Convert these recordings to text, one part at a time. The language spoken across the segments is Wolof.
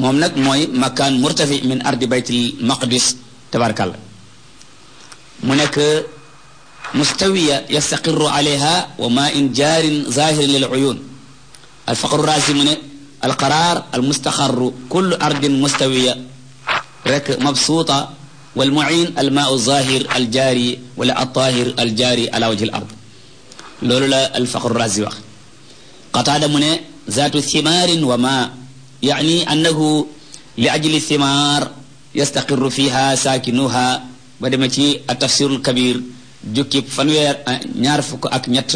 moom nag mooy makaan murtafi min ardi baytil maqdis tabarakàllah mu nekk mustawiya yastaqiru alayha wa ma in jaarin zahirin lil uyun alfaqru raasi mu ne alqaraar almustaxarru kullu ardin mustawiya rek mabsuuta walmuin almaau zahir aljaari wala altaahir aljaari ala wajhi al ard loolu la alfaqru raasi wax qataada mu ne zaatu thimaarin wa ma yaani annahu li ajli simaar yastaqiru fiha saakinuha ba deme ci a tafsirul kabir jukki fanweer ñaar fukk ak ñett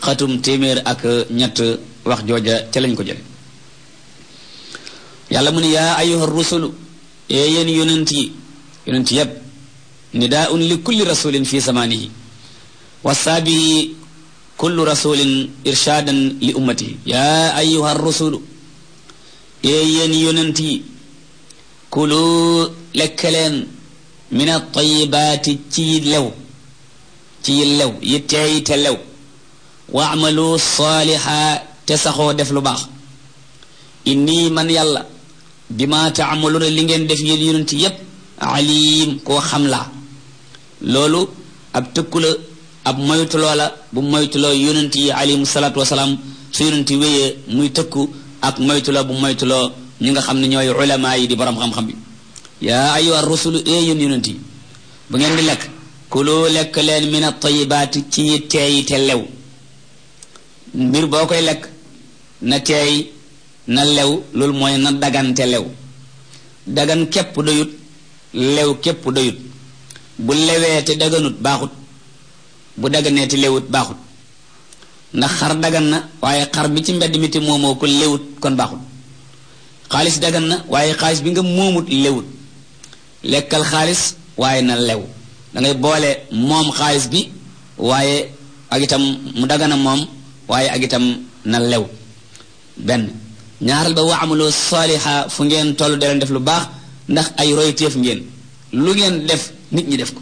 xatum téeméer ak ñett wax jooja ca lañ ko jël yàlla mu ne yaa ayuha rusulu ee yéen yonent yi yonent yépp nidaa un li kulli rasulin fi zamanihi wasaa bihi kullu rasulin irshaadan li ummatihi yaa ayuha rusulu ee yéen yonent yi kulu lekk min at-tayyibaati ci lew ci lew yi teey lew wa amalu saaliha te saxoo def lu baax inni man yàlla bima taamaluuna li ngeen def yéen yonent yépp alim koo xam laa loolu ab tëkku ab moytuloo la bu moytuloo yonent yi alayhim salaatu wasalaam su yonent wéyee muy tëkku ak moytu la bu moytuloo loo ñi nga xam ne ñooy ulama yi di borom xam-xam bi yaa ayyuha rusulu ee yéen yonent yi bu ngeen di lekk kulu lekk leen min at-tayyibaati ci teey te lew mbir boo koy lekk na teey na lew loolu mooy na dagan lew dagan képp doyut lew képp doyut bu lewee te daganut baaxut bu daganee te lewut baaxut ndax xar dagan na waaye xar bi ci mbedd mi te moomoo ko léwut kon baaxul xaalis dagan na waaye xaalis bi nga moomut lewut lekkal xaalis waaye na lew dangay boole moom xaalis bi waaye ak itam mu dagana moom waaye ak itam na lew benn ñaaral ba waamuloo saaliha fu ngeen toll de def lu baax ndax ay roy ngeen lu ngeen def nit ñi def ko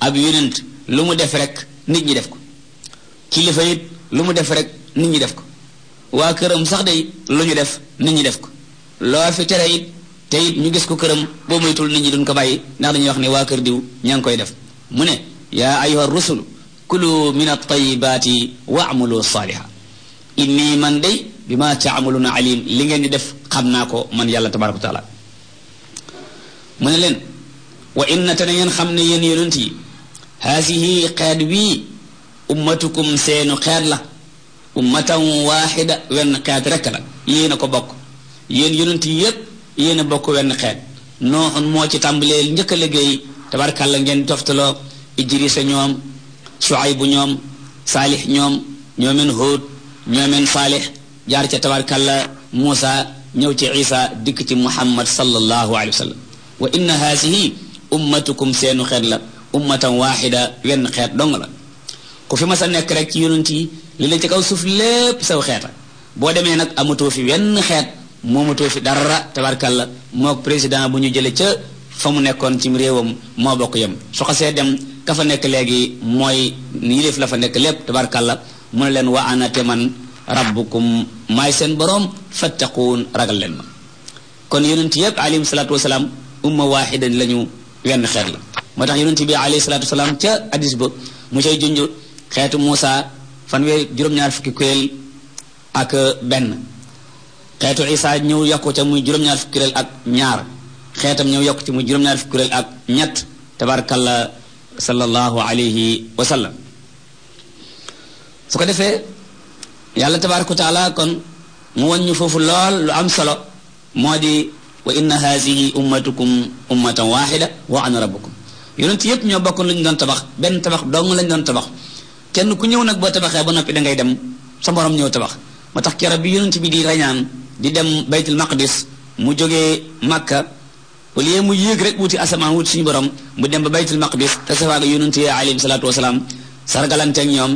ab yonent lu mu def rek nit ñi def ko kilifa it lu mu def rek ni ñi def ko waa këram sax day lu ñu def nit ñi def ko loo fi tere it te ñu gis ko këram boo moytul nit ñi duñ ko bàyyi ndax dañuy wax ne waa kër diw ña ngi koy def mu ne yaa ayuha rusul kulu min at-tayyibaati waamalu saaliha inni man day bi ma amulu taamaluuna alim li ngeen di def xam naa ko man yàlla tabaraka wa taala mu ne leen wa inna te na ngeen xam ne yéen yonent haasihi xeet wii ummatukum seenu xeet la ummatan waaxida wenn xeet rekk la yéen a ko bokk yéen yonent yépp yéen a bokk wenn xeet nooxun moo ci tàmbaleel njëkk a liggéey tabarkàlla ngeen toftaloo idrisa ñoom shuaybu ñoom saalix ñoom ñoomeen hóot ñoomeen saalix jaar ca tabarkàlla muusa ñëw ci isa dikk ci muhammad sallallahu alayhi wa sallam wa inna haasihi ummatukum seenu xeet la ummatan waaxida wenn xeet dong la ku fi mas a nekk rek ci yonent yi li la ci kaw suuf lépp saw xeeta boo demee nag amatoo fi wenn xeet moo moomatoo fi dara tabarkalla moo président bu ñu jëlee ca fa mu nekkoon ci réewam moo bokk yam su xasee dem ka fa nekk léegi mooy yilif la fa nekk lépp tabarkalla mu ne leen wa ana te man rabbukum may seen boroom fattaquun ragal leen ma kon yonent yépp alayhim salaatu wasalaam umma waaxidan la ñu wenn xeet la moo ba mu cay junj xeetu Muusa fanweeri juróom-ñaar fukki kuréel ak benn xeetu Isa ñëw yokku ca muy juróom-ñaar fukki kuréel ak ñaar xeetam ñëw yokku ci muy juróom kuréel ak ñett tabarakallah sallallahu alayhi wa sallam su ko defee yàlla tabaraka wa taala kon mu wàññi foofu lool lu am solo moo di wa inna haadihi ummatukum ummatan waxida wa ana rabbukum yonent yépp ñoo bokkoon lu ñu tabax benn tabax dong lañ doon tabax kenn ku ñëw nag boo tabaxee ba noppi da ngay dem sa borom ñëw tabax moo tax keroog bi yonent bi di rañaan di dem baytul maqdis mu jógee Makka au lieu mu yéeg rek wuti asamaan wut suñu borom mu dem ba baytul maqdis te safaag yonent yi alayhi salaatu wasalaam sargalanteeg ñoom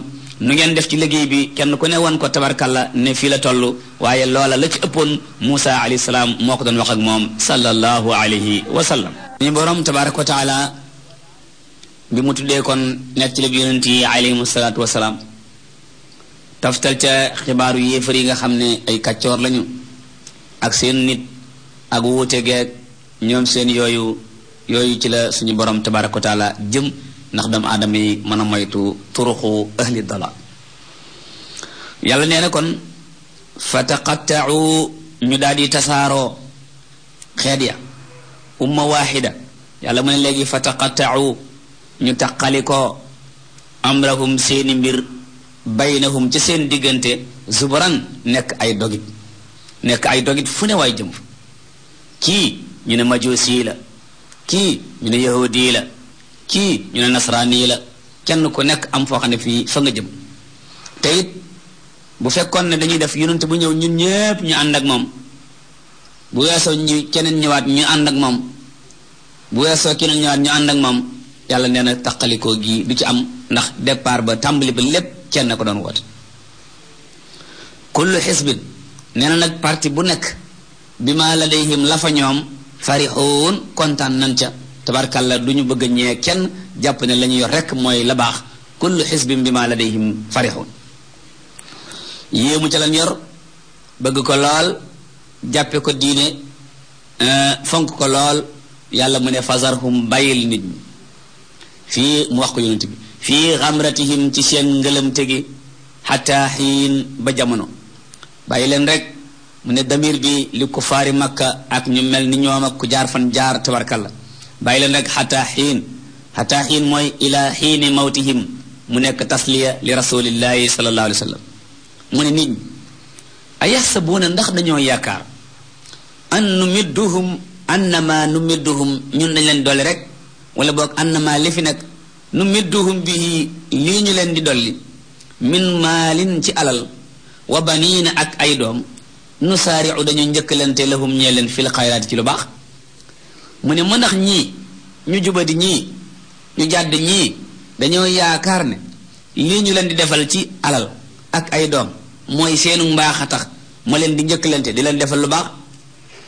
nu ngeen def ci liggéey bi kenn ku ne woon ko tabarkalla ne fii la toll waaye loola la ci ëppoon Moussa alayhi salaam moo ko doon wax ak moom sallallahu alayhi wa sallam. ñu borom tabaraka wa taala bi mu tuddee kon nettali bi yonent yi alayhimu salaatu wasalaam taftal ca xibaaru yéefar yi nga xam ne ay kàccoor lañu ak seen nit ak wuute geeg ñoom seen yooyu yooyu ci la suñu boroom tabaaraka wa taala jëm ndax doomu aadama yi mën a moytu turuxu ahli dala yàlla nee na kon fa taqattau ñu daal di tasaaroo xeet ya umma waaxida yàlla mu ne léegi fa taqattau ñu taqali ko amrahum seeni mbir baynahum ci seen diggante zubaran nekk ay dogit nekk ay dogit fu ne waay jëm kii ñu ne majusi la kii ñu ne yahudi la kii ñu ne nasraani kenn ku nekk am foo xam ne fii fa nga jëm te it bu fekkoon ne dañuy def yonent bu ñëw ñun ñépp ñu ànd ak moom bu weesoo ñu keneen ñëwaat ñu ànd ak moom bu weesoo keneen ñëwaat ñu ànd ak moom yàlla nee na taqalikoo gi du ci am ndax départ ba tàmbali ba lépp kenn ko doon woote kullu xisbin nee na nag parti bu nekk bi ma ladayhim la lafa ñoom farixoon kontaan nan ca tabarkàlla du ñu bëgg a ñee kenn jàpp ne la ñu yor rek mooy la baax kullu xisbin bi ma ladayhim farixoon yéemu ca lan yor bëgg ko lool jàppe ko diine eh, fonk ko lool yàlla mu ne fasarhum bàyyil nit ñi fii mu wax ko yonent bi fii xamratihim ci seen ngëlëmte gi xataa xiin ba jamono bàyyi leen rek mu ne damir bi li kufaari makka ak ñu mel ni ñoom ak ku jaar fan jaar tabarkalla bàyyi leen rek xataa xiin xataa xiin mooy ila xiin mawtihim mu nekk tasliya li rasulillahi sallallahu alayhi wa mu ne nit ñi ayaxsabuuna ndax dañoo yaakaar an numidduhum annama numidduhum ñun dañ leen doole rek wala boog ànd maa li nu nekk nu bi bihi lii ñu leen di dolli min maalin ci alal wa baniina ak ay doom nu saariu dañu njëkkalante lahum ñee leen fil xayraati ci lu baax mu ne mënax ñii ñu jubadi ñii ñu jàdd ñii dañoo yaakaar ne lii ñu leen di defal ci alal ak ay doom mooy seenu mbaax a tax ma leen di njëkkalante di leen defal lu baax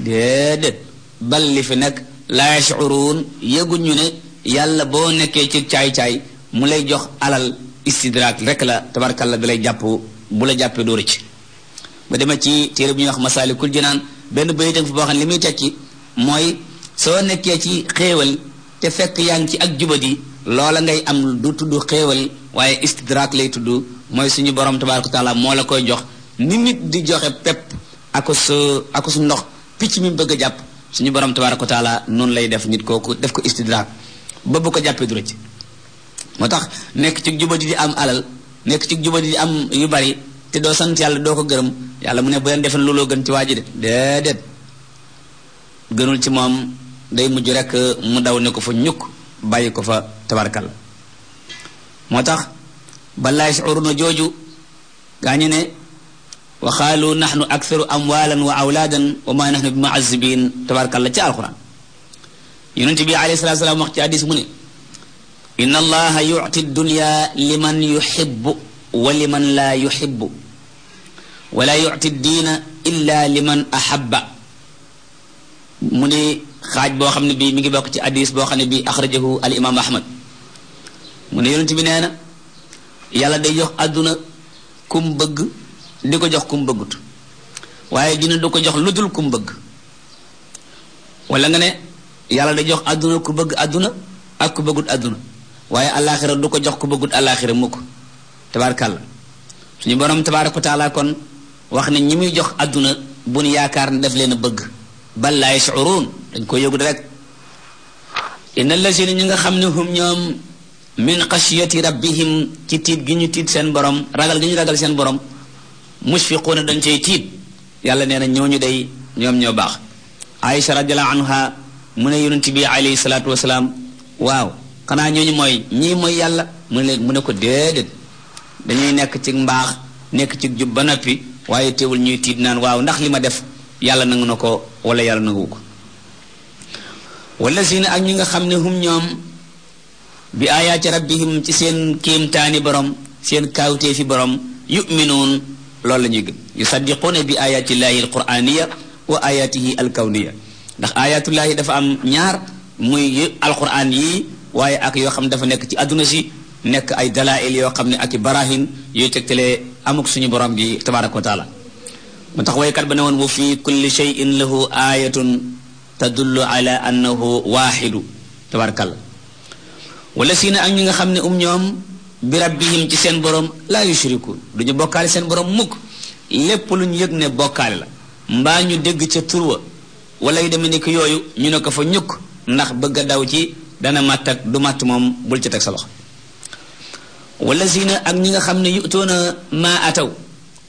déedéet bal li la yashcuruun yëguñu ne yàlla boo nekkee ci caay-caay mu lay jox alal istidraak rek la tabarkalla da lay jàpp bu la jàppee doo rëcc ba dema ci téere bu ñuy wax masaalikul jinaan benn bayitam fi boo xam ne li muy tekki mooy soo nekkee ci xéewal te fekk yaa ngi ci ak jubadi loola ngay am du tudd xéewal waaye istidraak lay tudd mooy suñu borom tabaraka taala moo la koy jox ni nit di joxe pepp ako su ako su ndox picc mi bëgg a jàpp suñu borom tabaaraka taala noonu lay def nit kooku def ko istidraak ba bu ko jàppee du rëcc moo tax nekk ci juba ju di am alal nekk ci jubadi di am yu bari te doo sant yàlla doo ko gërëm yàlla mu ne bu leen defen loo gën ci waa ji de déedéet gënul ci moom day mujj rek mu daw ne ko fa ñukk bàyyi ko fa tabarkal moo tax balaa yashuruna jooju gaa ñu ne wa xaalu naxnu aktharu amwaalan wa awlaadan wa maa naxnu bi muazzibiin tabaarakallah ci alquran yonent bi alayhi salaatu salaam wax ci hadis mu ne inna allaha yuti dunya liman yuhibbu wa liman laa yuhibbu wa laa yuti diina illa liman ahabba mu ne xaaj boo xam ne bii mi ngi bokk ci hadis boo xam ne bii axrajahu al imam ahmad mu ne yonent bi nee na yàlla day jox àdduna kum bëgg di ko jox kum bëggut waaye junne du ko jox lu dul kum bëgg wala nga ne yàlla da jox àdduna ku bëgg àdduna ak ku bëggut àdduna waaye alaaxira du ko jox ku bëggut alaaxira mukk tabaarkàlla suñu borom tabaaraka taala kon wax ne ñi muy jox àdduna bu nu yaakaar ne daf leen a bëgg bal laa yashuruun dañ ko yëgut rek inna lazina ñi nga xam ne hum ñoom min xasiyati rabbihim ci tiit gi ñu tiit seen borom ragal gi ñu ragal seen borom mushfiquuna dañ cay tiit yàlla nee na ñooñu day ñoom ñoo baax Aïcha radiallahu anha mu ne yonent bi alayhi salaatu wasalaam waaw xanaa ñooñu mooy ñii mooy yàlla mu ne mu ne ko déedéet dañuy nekk ci mbaax nekk ci jub ba noppi waaye teewul ñuy tiit naan waaw ndax li ma def yàlla nangu na ko wala yàlla nangu ko wala si ak ñi nga xam ne hum ñoom bi aayaati rabbihim ci seen kéemtaani borom seen kaawtee fi borom yuminuun loolu la ñuy gëm yusaddiquuna bi ayatillahi alquraniya wa ayatihi alkawniya ndax ayatullahi dafa am ñaar muy alquran yii waaye ak yoo xam ne dafa nekk ci adduna si nekk ay dalail yoo xam ne ak i barahin yooyu tegtalee amuk suñu borom bi tabaraka wa taala mu tax waykat ba ne woon wa fi kul cheyin lahu ayatun tadullu ala annahu waaxidu tabarakalla wala si na ak ñi nga xam ne um ñoom bi rabbihim ci seen borom laa yushriku du ñu bokkaale seen borom mukk lépp lu ñu yëg ne bokkaale la mbaa ñu dégg ca turwa wala yu dem ni ko yooyu ñu ne ko fa ñukk ndax bëgg a daw ci dana màtt ak du màtt moom bul ca teg sa loxo wala siina ak ñi nga xam ne yutoona maa ataw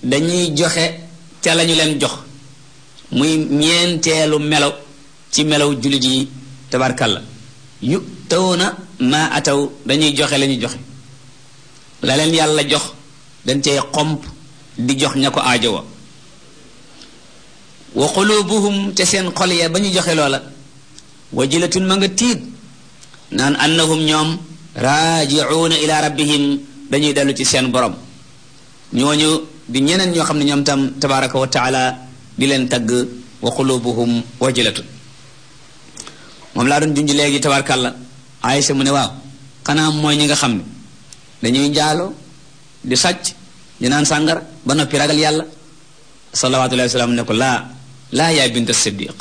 dañuy joxe ca lañu leen jox muy ñeenteelu melaw ci melaw jullit yi tabarkalla yutoona maa ataw dañuy joxe lañuy joxe la leen yàlla jox dañ cay xomp di jox ña ko aajowa wa qulubuhum te seen xol ya ba ñu joxe loola wajilatun ma nga tiit naan annahum ñoom raajiuuna ila rabbihim dañuy dellu ci seen borom ñooñu di ñeneen ñoo xam ne ñoom tam tabaraka wa taala di leen tagg wa qulubuhum wajilatun moom laa doon junj léegi tabarkàlla Aysa mu ne waaw xanaa mooy ñi nga xam dañuy njaalo di sàcc di naan sàngara ba noppi ragal yàlla salawaatullahi wasalaam ne ko laa laa yaa bint siddiq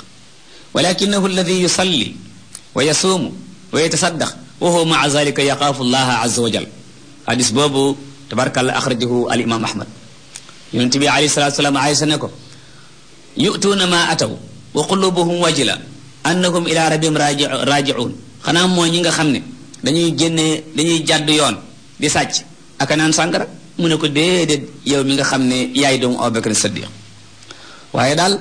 walakinahu alladi yusalli wa yasuumu wa yatasaddaq wa huwa maa zalika yaxaafu llaha azza wa jal hadis boobu tabarkàlla axrajahu al imam ahmad yonente bi alayhi salatu wasalaam aysa ne ko yutuuna maa ataw wa qulubuhum wajila annahum ila rabbihim raaji'uun xanaa mooy ñi nga xam ne dañuy génne dañuy jàdd yoon di sàcc aka naan sàngara mu ne ko déedéet yow mi nga xam ne yaay doomu Abubakar Siddiq waaye daal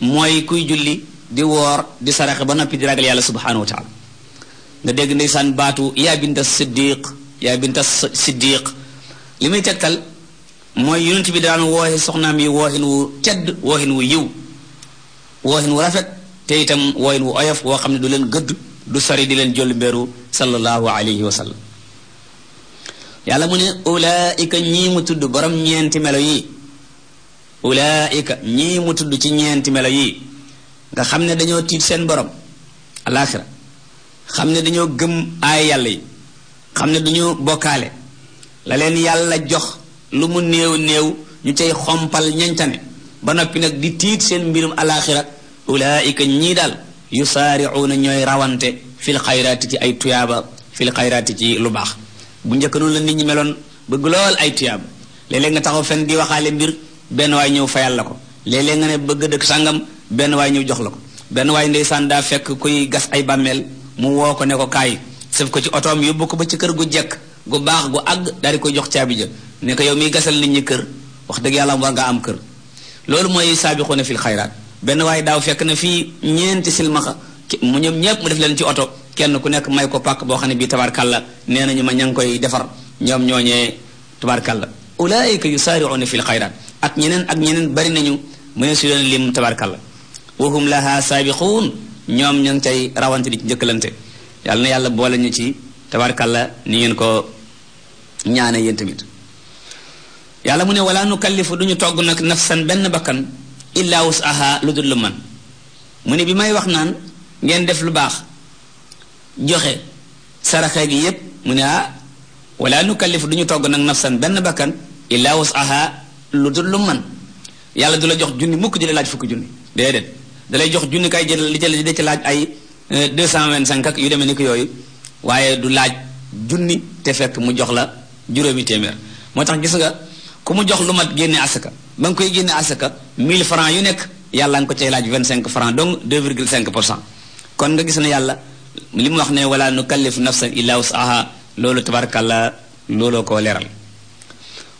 mooy kuy julli di woor di saraxe ba noppi di ragal yàlla subhanahu wa taala nga dégg ndeysaan baatu yaa binta siddiq yaa binta siddiq li muy tegtal mooy yonent bi daan wooxe soxnaam yi wooxin wu tedd wooxin wu yiw wooxin wu rafet te itam wooxin wu oyof woo xam ne du leen gëdd du sori di leen jollu mbeeru sallallahu alayhi wa yàlla mu ne ulaika ñii mu tudd borom ñeenti melo yi ulaika ñii mu tudd ci ñeenti melo yi nga xam ne dañoo tiit seen borom alaaxira xam ne dañoo gëm aay yàlla yi xam ne dañoo bokkaale la leen yàlla jox lu mu néew néew ñu tey xompal ñañtane ba noppi nag di tiit seen mbirum alaaxira ulaika ñii daal yusaaricuuna ñooy rawante fil xayraati ci ay tuyaaba fil xayraati ci lu baax bu njëkk noonu la nit ñi meloon bëgg lool ay tuyaab léeg nga taxaw fenn di waxaale mbir benn waay ñëw fayal la ko léeg nga ne bëgg dëkk sàngam benn waay ñëw jox la ko benn waay ndeysaan daa fekk kuy gas ay bàmmeel mu woo ko ne kaay sëf ko ci otoom yóbbu ko ba ci kër gu jekk gu baax gu àgg daal koy jox caabi ja ne ko yow miy gasal nit ñi kër wax dëgg yàlla war nga am kër loolu mooy saabixuuna fil xayraat benn waaye daaw fekk na fii ñeenti silmaxa mu ñoom ñëpp mu def leen ci oto kenn ku nekk may ko pàkk boo xam ne bii tabarkàlla nee ñu ma ña koy defar ñoom ñooñee tabarkàlla ulaayika yusaariuuna fi lxayraat ak ñeneen ak ñeneen bari nañu mu ne su leen lim tabarkàlla wahum laha saabiquun ñoom ña ci njëkkalante yàlla yàlla boole ñu ci tabarkàlla ni ngeen ko ñaane yéen tamit yàlla mu ne wala nukallifu duñu togg nag nafsan benn bakkan illa wusaha lu dul lu man mu ne bi may wax naan ngeen def lu baax joxe saraka gi yépp mu ne ah wala nukallifu du ñu togg nag nafsan benn bakkan illaa wasaha lu dul lum man yàlla du la jox junni mukk di la laaj fukki junni déedéet da lay jox junni kay jël li jël di ci laaj ay euh, cinq ak yu demee ni ko yooyu waaye du laaj junni te fekk mu jox la juróomi téeméer moo tax gis nga ku mu jox lu mat génne asaka ba nga koy génne asaka mille francs yu nekk yàlla nga ko cay laaj 25 francs donc 2,5 pour cent kon nga gis yàlla li mu wax ne wala nukallifu nafsan illa wusaha loolu tabarakallah looloo koo leeral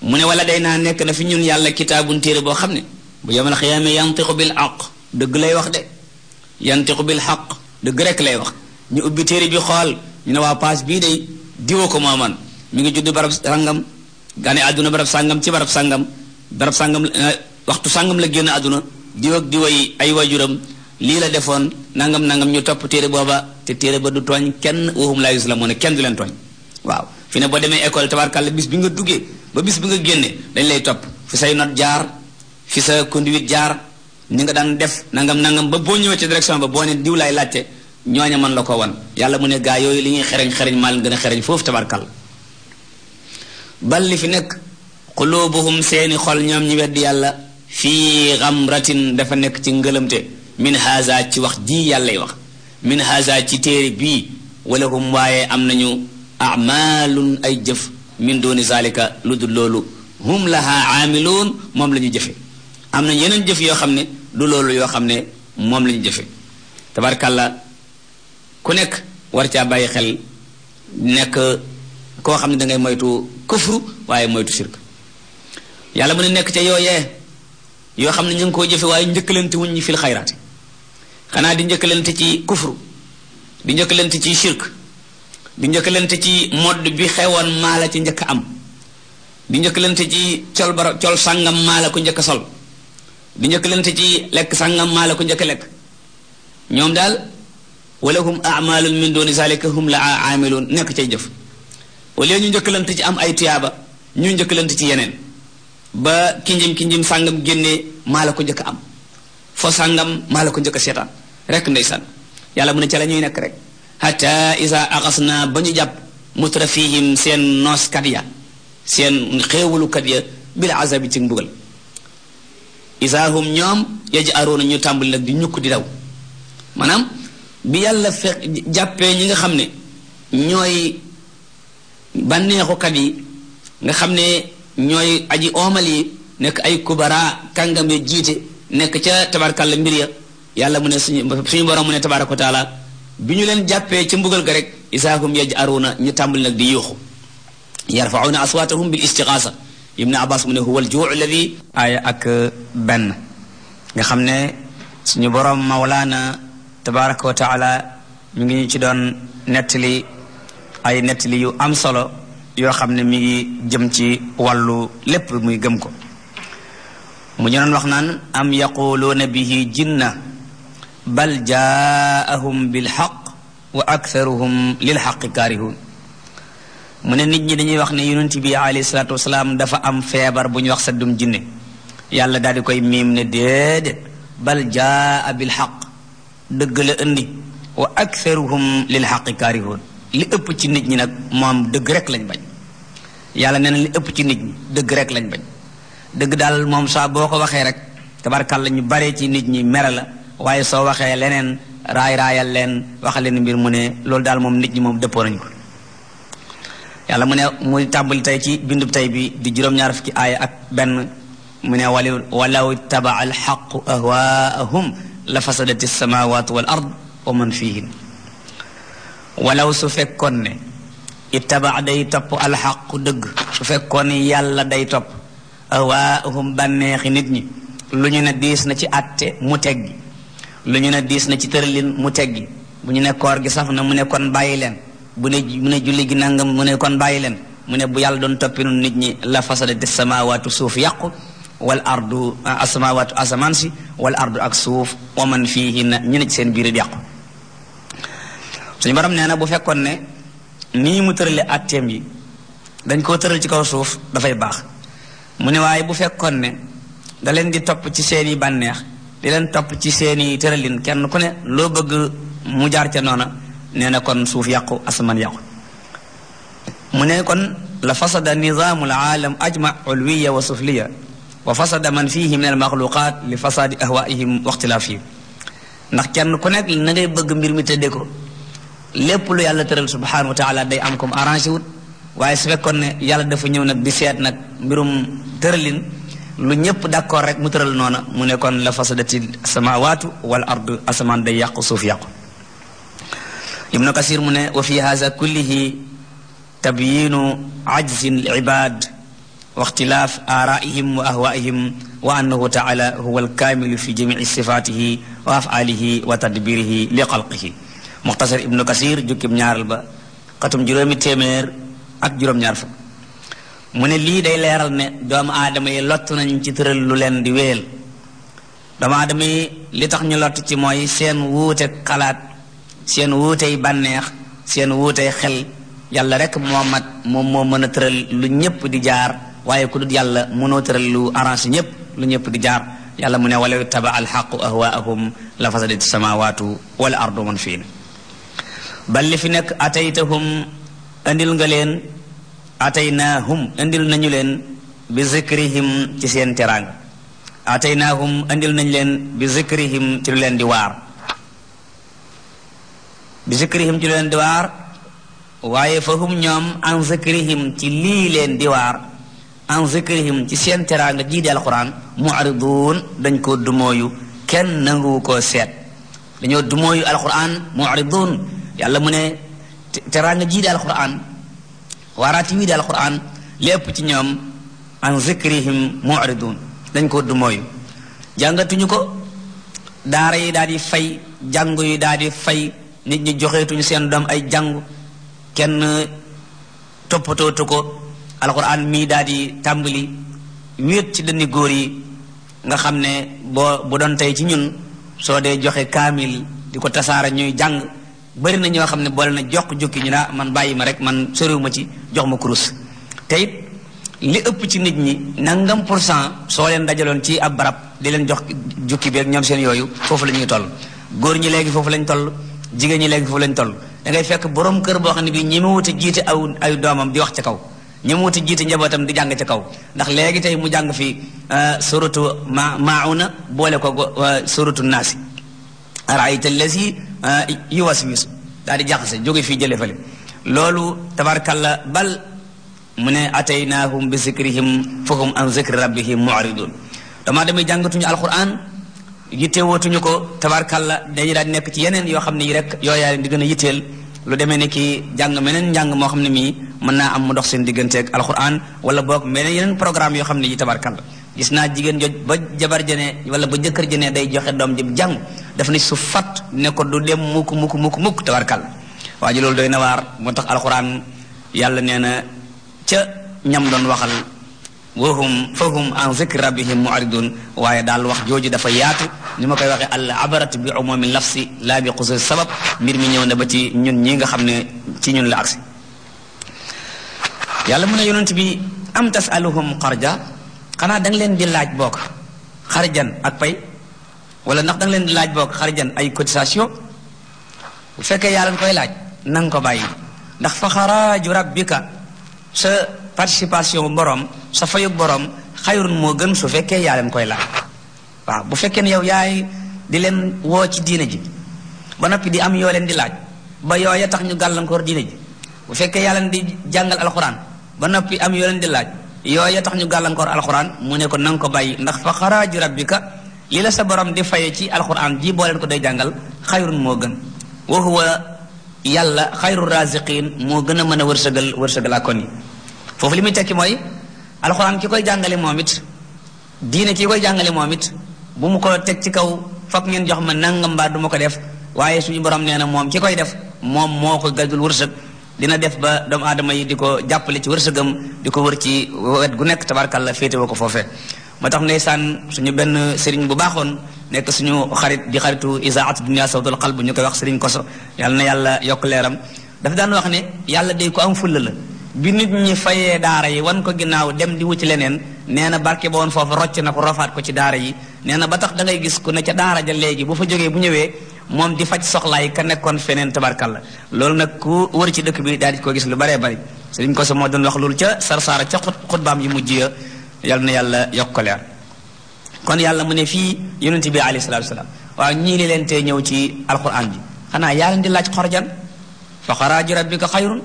mu ne wala day naa nekk na fi ñun yàlla kitaabun téere boo xam ne bu yawmal xiyaama yantiqu bil xaq dëgg lay wax de yantiqu bil xaq dëgg rek lay wax ñu ubbi téere bi xool ñu ne waa paas bii day diwa ko moo man mi ngi judd barab sàngam gane àdduna barab sàngam ci barab sàngam barab sàngam euh, waxtu sàngam la génn àdduna diw diwa yi ay waajuram lii la defoon nangam nangam ñu topp téere booba te téere ba du tooñ kenn waxum laa yus la mu ne kenn du leen tooñ waaw fi ne boo demee école tabarkàlla bis bi nga duggee ba bis bi nga génnee dañ lay topp say note jaar fi sa conduite jaar ni nga daan def nangam nangam ba boo ñëwee ci direction ba boo ne diw laay laajte ñooña mën la ko wan yàlla mu ne gaa yooyu li ñuy xereñ xereñ maa leen xereñ foofu tabarkàlla bal li fi nekk xuluubuhum seeni xol ñoom ñi weddi yàlla fii xamratin dafa nekk ci ngëlëmte min haza ci wax ji yàllay wax min haza ci téere bii wala hum waaye am nañu amalun ay jëf min dooni zalika lu dul loolu hum laha aamiluun moom la ñu jëfe am nañu yeneen jëf yoo xam ne du loolu yoo xam ne moom la ñu jëfe tabarkàlla ku nekk war caa bàyyi xel nekk koo xam ne dangay moytu kufru waaye moytu sirk yàlla mu ne nekk ca yooyee yoo xam ne ñu ngi koo jëfe waaye njëkkalante wuñ ñi fil xayraati xanaa di njëkkalante ci kufru di njëkkalante ci sirk di njëkkalante ci modd bi xewoon maala ci njëkk am di njëkkalante ci col sàngam maala ku njëkk sol di njëkkalante ci lekk sangam maala ko njëkk lekk ñoom daal walahum amalun min duni zalika hum la aamiluun nekk cay jëf wala ñu njëkkalante ci am ay tuyaaba ñu njëkkalante ci yeneen ba kinjim kinjim sàngam génne maa ko njëkk am foo sàngam maa la ko njëkk a seetaan rek ndeysaan yàlla mun ne ca la ñuy nekk rek hatta isa axas naa ba ñu jàpp mutrafihim seen nooskat ya seen xéewalukat ya bil azabi ci mbugal isa hum ñoom yaj aroona ñu tàmbali nag di ñukk di daw maanaam bi yàlla fekk jàppee ñi nga xam ne ñooy bànneexukat yi nga xam ne ñooy aji oomal yi nekk ay kubara kàngam ya jiite nekk ca tabarkàlla mbir ya yàlla mu ne su suñu borom mu ne tabaaraka wa taala bi ñu leen jàppee ci mbugal ga rek isaahum yaj aruuna ñu tàmbali nag di yuuxu yarfauna aswaatahum bil istiqaasa ibnu abbas mu ne huwa al juu alladi aaya ak uh, benn nga xam ne suñu borom mawlaana tabaaraka wa taala mi ngi ñu ci doon nettali ay nettali yu am solo yoo xam ne mi ngi jëm ci wàllu lépp muy gëm ko mu ñu doon wax naan am yaquluuna bihi jinna bal jaa jaahum bilxaq wa aktharuhum lilxaqi kaarihuun mu ne nit ñi dañuy wax ne yonent bi alayhi salaatu wasalaam dafa am feebar bu ñu wax saddum jinne yàlla daal di koy miim ne déedéet bal jaa bilxaq dëgg la indi wa aktharuhum lilxaqi kaarihuun li ëpp ci nit ñi nag moom dëgg rek lañ bañ yàlla ne na li ëpp ci nit ñi dëgg rek lañ bañ dëgg daal moom saa boo ko waxee rek tabarkàlla ñu bare ci nit ñi mere la waaye soo waxee leneen raay raayal leen wax leen mbir mu ne loolu daal moom nit ñi moom dëppoo nañ yàlla mu ne muy tàmbali tey ci bindub tey bi di juróom fukki aaya ak benn mu ne wali walaw ittabaa alxaqu ahwaahum la fasadati alsamawat wal ard wa man fihin walaw su fekkoon ne ittabaa day topp alxaqu dëgg su fekkoon ne yàlla day topp ahwaahum bànneexi nit ñi lu ñu ne diis na ci àtte mu teggi lu ñu ne diis na ci tëralin mu teggi bu ñu ne koor gi saf na mu ne kon bàyyi leen bu ne mu ne julli gi nangam mu ne kon bàyyi leen mu ne bu yàlla doon toppinu nit ñi la fasadati samawaatu suuf yàqu wal ardu asamawaatu ah, asamaan si wal ardu ak suuf wa man fiihinna ñu ne ci seen biir yàqu suñu borom nee na bu fekkoon ne nii mu tërale atteem yi dañ koo tëral ci kaw suuf dafay baax mu ne waaye bu fekkoon ne da di topp ci seeni bànneex di leen topp ci seeni tëralin kenn ku ne loo bëgg mu jaar ca noona nee na kon suuf yàqu asamaan yàqu mu ne kon la fasada nizaamu alaalam ajma ulwiya wa sufliya wa fasada man fihi min almaxluqaat li fasaadi ahwaihim waxtilaafihim ndax kenn ku nekk na bëgg mbir mi tëddee ko lépp lu yàlla tëral subhanahu wa taala day am comme arrangé wut waaye su fekkoon ne yàlla ñëw nag di seet mbirum tëralin lu ñëpp d'accord rek mu tëral noona mu ne kon la fasadati samawaatu wal ardu asamaan day yàqu suuf kasir mu ne wa fi haza kullihi tabyiinu ajzin al ibaad wa ixtilaaf aaraa'ihim wa ahwaa'ihim wa annahu taala huwa alkaamilu fi jamici sifaatihi wa afaalihi wa tadbirihi li xalqihi muxtasar ibnu kasir jukkim ñaaral ba xatum juróomi téeméer ak juróom-ñaar fukk mu ne lii day leeral ne doomu aadama yi lott nañ ci tëral lu leen di wéel doomu aadama yi li tax ñu lott ci mooy seen wuute xalaat seen wuutey bànneex seen wuutey xel yàlla rek moo mat moom moo mën a tëral lu ñëpp di jaar waaye ku dut yàlla mënoo tëral lu arrange ñëpp lu ñëpp di jaar yàlla mu ne walla ittaba alxaqu ahwaahum la fasadat samawaatu wal ardu man fiin bal fi nekk ataytahum andil nga leen ataynaahum indil nañu leen bi zikrihim ci seen terang teraanga ataynaahum indil nañu leen bi zikrihim ci lu leen di waar bi zikrihim ci lu leen di waar waaye fa hum ñoom an zikrihim ci lii leen di waar an zikrihim ci seen teraanga jii di alquran muariduun dañ koo dumooyu kenn nangu ko seet dañoo dumooyu alquran muariduun yàlla mu ne teraanga jii di alquran waaraati wii di alquran lépp ci ñoom an zikrihim muridun dañ ko du jàngatuñu ko daara yi daal di fay jàngu yi daal di fay nit ñi joxeetuñu seen doom ay jàngu kenn toppatootu ko alquran mii daal di tàmbali wéet ci dënni góor yi nga xam ne boo bu doon tey ci ñun soo dee joxe kaamil di ko tasaara ñuy jàng bëri na ñoo xam ne boole na jox jukki ñu na ah, man bàyyi ma rek man soriw ma ci jox ma kurus te it li ëpp ci nit ñi nangam pour cent soo leen dajaloon ci ab barab di leen jox jukki beeg ñoom seen yooyu foofu la ñuy toll góor ñi léegi foofu lañ toll jigéen ñi léegi foofu lañ toll da fekk borom boo xam ne bii ñi ma wut a jiite aw ay doomam di wax ca kaw ñi ma wut njabootam di jàng ca kaw ndax tey mu jàng fi euh, suratu ma mauna boole ko euh, suratu naasi araayta allazi Ah, yu was wisu daal di jaxase joge fii jële fale loolu tabarkalla bal mu ne ataynaahum bi zikrihim fahum an zikri rabbihim mu'ridun dama demee jàngatuñu alquran yitte wootuñu ko tabarkalla dañu daan nekk ci yeneen yoo xam ne yi rek yooyaa leen di gën lu demee ne kii jàng meneen njàng moo xam ne mii mën naa am mu dox seen digganteeg alquran wala boog meneen yeneen programme yoo xam ne yi tabarkalla gis naa jigéen joj ba jabar jënee wala ba jëkkër jenee day joxe doom ji jàng daf na su fat ne ko du dem mukk mukk mukk mukk tabarkal waa ji loolu doy na waar moo tax alxuraan yàlla nee na ca ñam doon waxal wahum fahum an zikri rabbihim mu'ridun waaye daal wax jooju dafa yaatu ni ma koy waxee al abarat bi umumi lafsi laa bi xusus sabab mbir mi ñëw na ba ci ñun ñi nga xam ne ci ñun la agsi yàlla mu ne yonent bi am tasaluhum xarja xanaa da leen di laaj bokk xarijan ak pay wala ndax da leen di laaj bokk xarijan ay cotisation bu fekkee yaa leen koy laaj na ko bàyyi ndax fa xaraaju rabbika sa participation borom sa fayug borom xayrun moo gën su fekkee yaa koy laaj bu fekkee ne yow yaay di leen woo ci diine ji ba noppi di am yoo leen di laaj ba yooya tax ñu gàllankoor diine ji bu fekkee yaa leen di jàngal alxuraan ba noppi am yoo leen di laaj yooya tax ñu gàllankoor alxuraan mu ne ko na ko bàyyi ndax fa xaraaju rabbika li la sa borom di fayee ci alxuraan ji boo leen ko day jàngal xayrun moo gën wa huwa yàlla xayru raziqin moo gën a mën a wërsëgal wërsëgal kon yi foofu li muy tekki mooy alxuraan ki koy jàngale moom it diine ki koy jàngale moom it bu mu ko teg ci kaw foog ngeen jox ma nanga mbaa du ma ko def waaye suñu borom nee na moom ki koy def moom moo ko gadul wërsëg dina def ba doomu aadama yi di ko jàppale ci wërsëgam di ko wër ci wet gu nekk tabarkàlla féete woo ko foofe moo tax ndeysaan suñu benn sëriñ bu baaxoon nekk suñu xarit di xaritu isaat dunia sawdul qalb ñu koy wax sëriñ koso yàlla na yàlla yokk leeram dafa daan wax ne yàlla day ko am fulla la bi nit ñi fayee daara yi wan ko ginnaaw dem di wuti leneen nee na barke ba woon foofu rocc na ko rofaat ko ci daara yi nee ba tax dangay gis ku ne ca daara ja léegi bu fa jógee bu ñëwee moom di faj soxlaay ka nekkoon feneen tabarkal la loolu nag ku war ci dëkk bi daal di ko gis lu baree bari sëriñ ko sa moo doon wax loolu ca sarsaara ca xutbaam yu mujj ya yal na yàlla yokk ko leer kon yàlla mu ne fii yonente bi alayhi salaatu salaam waaw ñii li leen tee ñëw ci alquran bi xanaa yaa leen di laaj xorjan fa xaraaju rabbika xayrun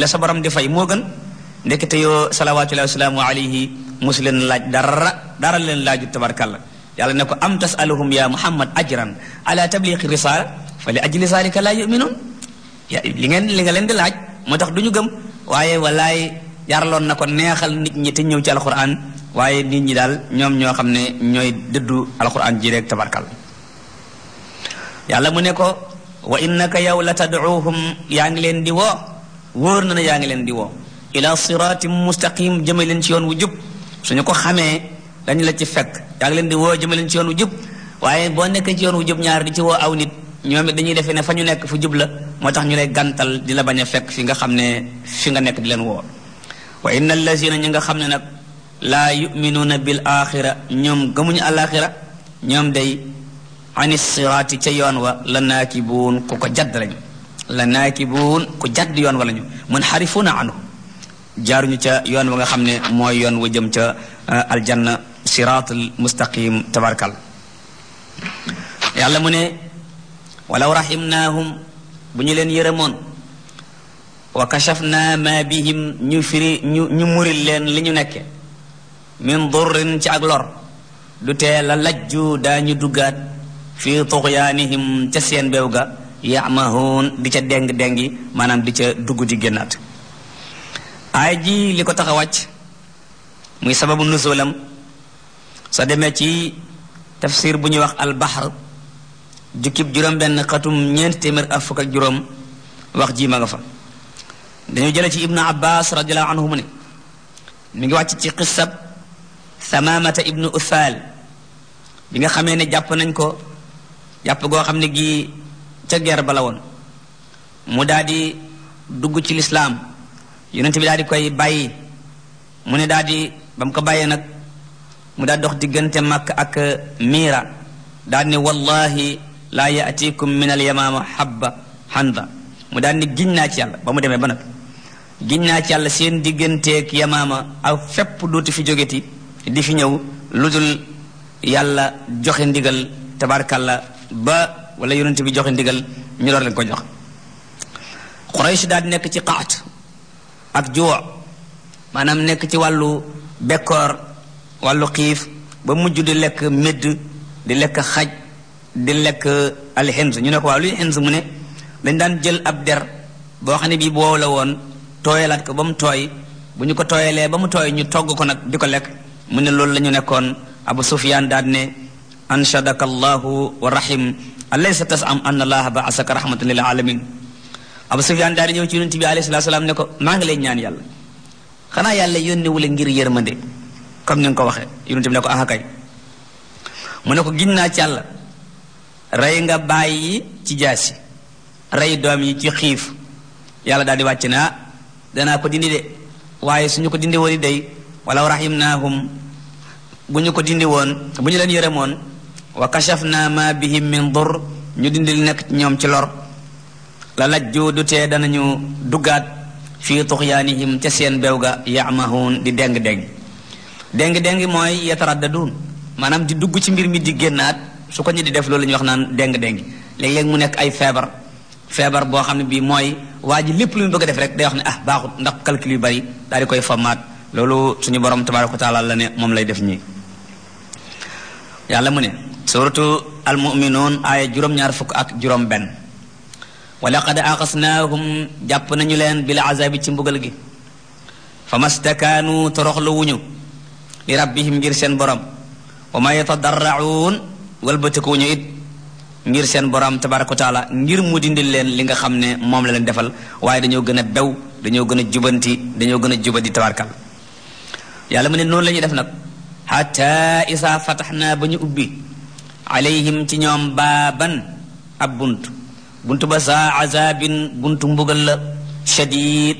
la sa borom di fay moo gën ndekete yoo salawaatullahi wa salaamu alayhi mosu leen laaj dara dara leen laaju tabarkalla yàlla ne ko am tasaluhum ya muhammad ajran ala tabliqi risala fa li ajli zalika laa yuminuun li ngeen li nga leen de laaj moo tax du ñu gëm waaye walaay yarloon na ko neexal nit ñi te ñëw ci alquran waaye nit ñi daal ñoom ñoo xam ne ñooy dëddu alquran ji rek tabarkal yàlla mu ne ko wa innaka yow la tad'uuhum yaa ngi leen di woo na ne yaa ngi leen di woo ila siratin mustaqim jëme leen ci yoon wu jub suñu ko xamee dañ la ci fekk yaa ngi leen di woo jëmaleen ci yoon wu jub waaye boo nekkee ci yoon wu jub ñaar di ci woo aw nit ñoom dañuy defee ne fa ñu nekk fu jubla moo tax ñu lay gantal di la bañ a fekk fi nga xam ne fi nga nekk di leen woo wa inna allazina ñi nga xam ne nag laa yuminuuna bil axira ñoom gëmuñu alaxira ñoom day ani siraati ca yoon wa la naakibuun ku ko jadd lañu la naakibuun ku jadd yoon wa lañu mun xarifuuna anhu jaaruñu ca yoon wa nga xam ne mooy yoon wa jëm ca uh, aljanna siraatul mustaqim tabarkal yàlla mu ne walaw rahimnaahum bu ñu leen yërëmoon wa kashafna ma bihim ñu firi ñu ñu muril leen li ñu nekke min durrin ci ak lor du tee la lajju daañu duggaat fii tuxyaanihim ca seen beew ga yamahuun di ca déng-déngi maanaam di ca dugg di génnaat aay ji li ko tax a wàcc muy sababu soo demee ci tafsir bu ñuy wax albaxar jukkib juróom-benn xatum ñeenti téeméer ak fukk ak juróom wax ji ma nga fa dañu jële ci ibnu abbas radiallahu anhu mu ne mi ngi wàcc ci xissab samaamata ibnu uthal bi nga xamee ne jàpp nañ ko jàpp goo xam ne gi ca ger ba woon mu daal di dugg ci lislaam yonent bi daal di koy bàyyi mu ne daal di ba ko bàyyee nag mu daal dox diggante makk ak miira daal ni wallahi laa yaatikum min alyamaama habba xanda mu daal ni giñ naa ba mu demee ba nag giñ naa ci seen digganteeg yamaama aw fépp dootu fi jógeti di fi ñëw lu dul yàlla joxe ndigal tabarkàlla ba wala yonent bi joxe ndigal ñu door ko jox Quraysh daal nekk ci qaat ak juwa maanaam nekk ci wàllu bekkoor wàllu xiif ba mujj di lekk médd di lekk xaj di lekk alxins ñu ne ko waaw luy xins mu ne dañ daan jël ab der boo xam ne bii boow la woon tooyalaat ko ba mu tooy bu ñu ko tooyalee ba mu tooy ñu togg ko nag di ko lekk mu ne loolu la ñu nekkoon abu sufyaan daal ne anshadaka allahu wa rahim alaysa tasam an allaha baasaka rahmatan lil alamin abu sufyaan daal di ñëw ci yonent bi alayhi salaam ne ko maa ngi lay ñaan yàlla xanaa yàlla yónni wala ngir yërmande comme ni nga ko waxee yonent bi ne ko ah kay mu ne ko ginnaaw ci Yàlla rey nga bàyyi yi ci jaasi rey doom yi ci xiif yàlla daal di wàcc na ah, danaa ko dindi de waaye suñu ko dindi woon day walaw rahimnaahum bu ñu ko dindi woon bu ñu leen yërëmoon wa kashafna ma bihim min dur ñu dindi li nekk ñoom ci lor la lajju du tee danañu duggaat fii tuxyaanihim ca seen beew ga yamahuun di deng-deng déng-déng mooy yataraddaduun maanaam di dugg ci mbir mi di génnaat su ko ñi di def loolu la ñuy wax naan déng-déng léeg-léeg mu nekk ay feebar feebar boo xam ne bii mooy waa ji lépp lu mu bëgg a def rek day wax ne ah baaxut ndax calcul yu bari daal koy famaat loolu suñu borom tabaaraka wa taala la ne moom lay def ñii yàlla mu ne suratu almuminuun aaya juróom-ñaar fukk ak juróom benn wa laqad axasnaahum jàpp nañu leen bil azabi ci mbugal gi fa mastakaanu toroxlu wuñu li rabbihim ngir seen borom wa ma yatadarraun walbatikuñu it ngir seen borom tabaraka taala ngir mu dindil leen li nga xam ne moom la leen defal waaye dañoo gën a bew dañoo gën a jubanti dañoo gën a jubadi tabarkal yàlla mu ne noonu la def nag xata isa fataxna ba ñu ubbi alayhim ci ñoom baaban ab bunt bunt ba saa azabin buntu mbugal la shadid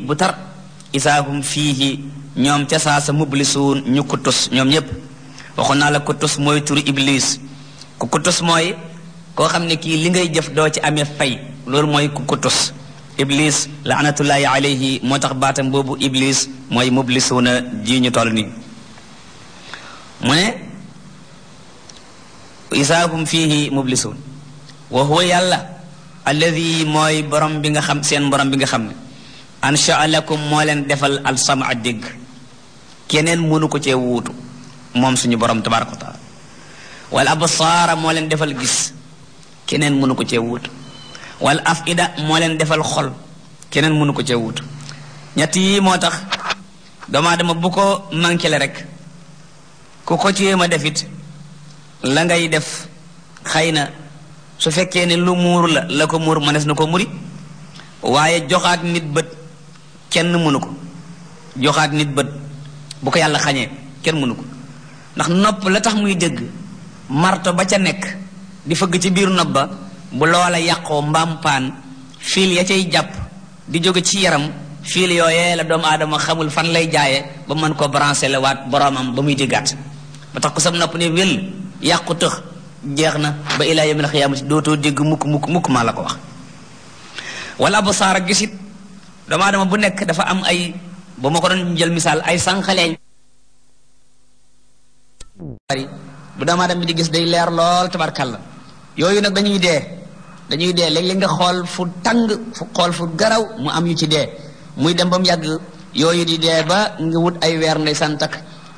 isaahum fii ñoom ca saa sa mublisuun ñu kuttus ñoom ñépp waxoon naa la kuttus mooy turu iblis ku kuttus mooy koo xam ne kii li ngay jëf doo ci amee fay loolu mooy ku kuttus iblis laanatullaahi alayhi moo tax baatam boobu iblis mooy mublisuuna ji ñu toll nii mu ne isaahum fiihi mublisuun wa huwa yàlla alladi mooy borom bi nga xam seen borom bi nga xam ne ansha lakum moo leen defal al sama dégg keneen mënu ko cee wuutu moom suñu borom tabaraka wa taala wal absaara moo leen defal gis keneen mënu ko cee wuutu wal afida moo leen defal xol keneen mënu ko cee wuutu ñett yii moo tax doomu aadama bu ko manqué rek ku ko ci ma defit la ngay def xëy na su fekkee ne lu muur la la ko muur mënees na ko muri waaye joxaat nit bët kenn mënu ko joxaat nit bët bu ko yàlla xañee kenn mënu ko ndax nopp la tax muy dégg marto ba ca nekk di fëgg ci biir nopp ba bu loola yàqoo mbaam paan fiil ya cay jàpp di jóge ci yaram fiil yooyee la doomu aadama xamul fan lay jaaye ba mën koo branché la waat boroomam ba muy diggaat ba tax ko sam nopp ne wéll yàqu tëx jeex na ba ilaa yawmil ci dootoo dégg mukk mukk mukk maa la ko wax wala absaar gisit doomu aadama bu nekk dafa am ay ba ma ko doon jël misaal ay sànqaleeñ bari bu doomu aadama bi di gis day leer lool tabarkàlla yooyu nag dañuy dee dañuy dee léeg-léeg nga xool fu tàng fu xool fu garaw mu am yu ci dee muy dem ba mu yàgg yooyu di dee ba nga wut ay weer ndey santak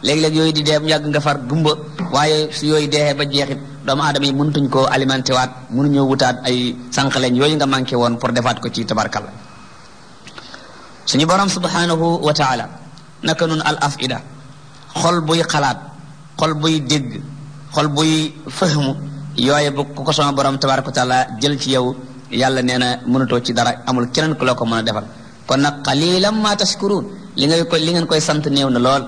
léeg-léeg yooyu di dee mu yàgg nga far gumba waaye su yooyu dee ba jeexit doomu aadama yi tuñ koo alimenté waat ñëw wutaat ay sànqaleñ yooyu nga manqué woon pour defaat ko ci tabarkàlla suñu borom subhanahu wa taala naka nun al afida xol buy xalaat xol buy dégg xol buy fëhmu yooyu bu ku ko sama borom tabaraka wa taala jël ci yow yàlla nee na mënatoo ci dara amul keneen ku la ko mën a defal kon nag qalilan ma tashkurun li ngay li ngeen koy sant néew na lool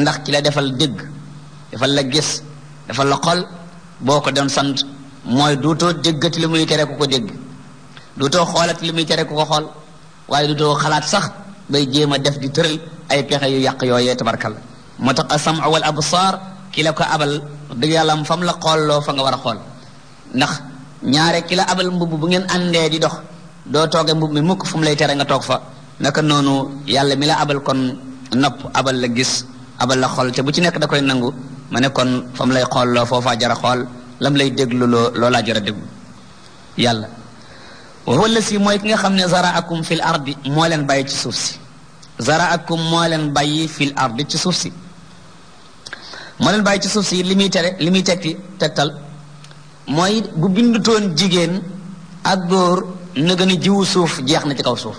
ndax ki la defal dégg defal la gis defal la xol boo ko doon sant mooy duutoo déggati li muy tere ku ko dégg duutoo xoolati li muy tere ku ko xool waaye du doo xalaat sax bay jéem a def di tëral ay pexe yu yàq yooyee tabarkal moo tax a asam wal absar ki la ko abal dëgg yàlla fam la xool loo fa nga war a xool ndax ñaare ki abal mbubb bu ngeen àndee di dox doo tooge mbubb mi mukk fu lay tere nga toog fa naka noonu yàlla mi la abal kon nopp abal la gis abal la xool te bu ci nekk da koy nangu ma ne kon fa mu lay xoolloo foofaa jara xool lam lay déglu loo loolaa jara déglu yàlla wa huwa lasi mooy ki nga xam ne zaraakum fil ardi moo leen bàyyi ci suuf si zaraakum moo leen bàyyi fil ardi ci suuf si moo leen bàyyi ci suuf si li muy tere li muy tekki tegtal mooy bu bindutoon jigéen ak góor na gën a jiwu suuf jeex na ci kaw suuf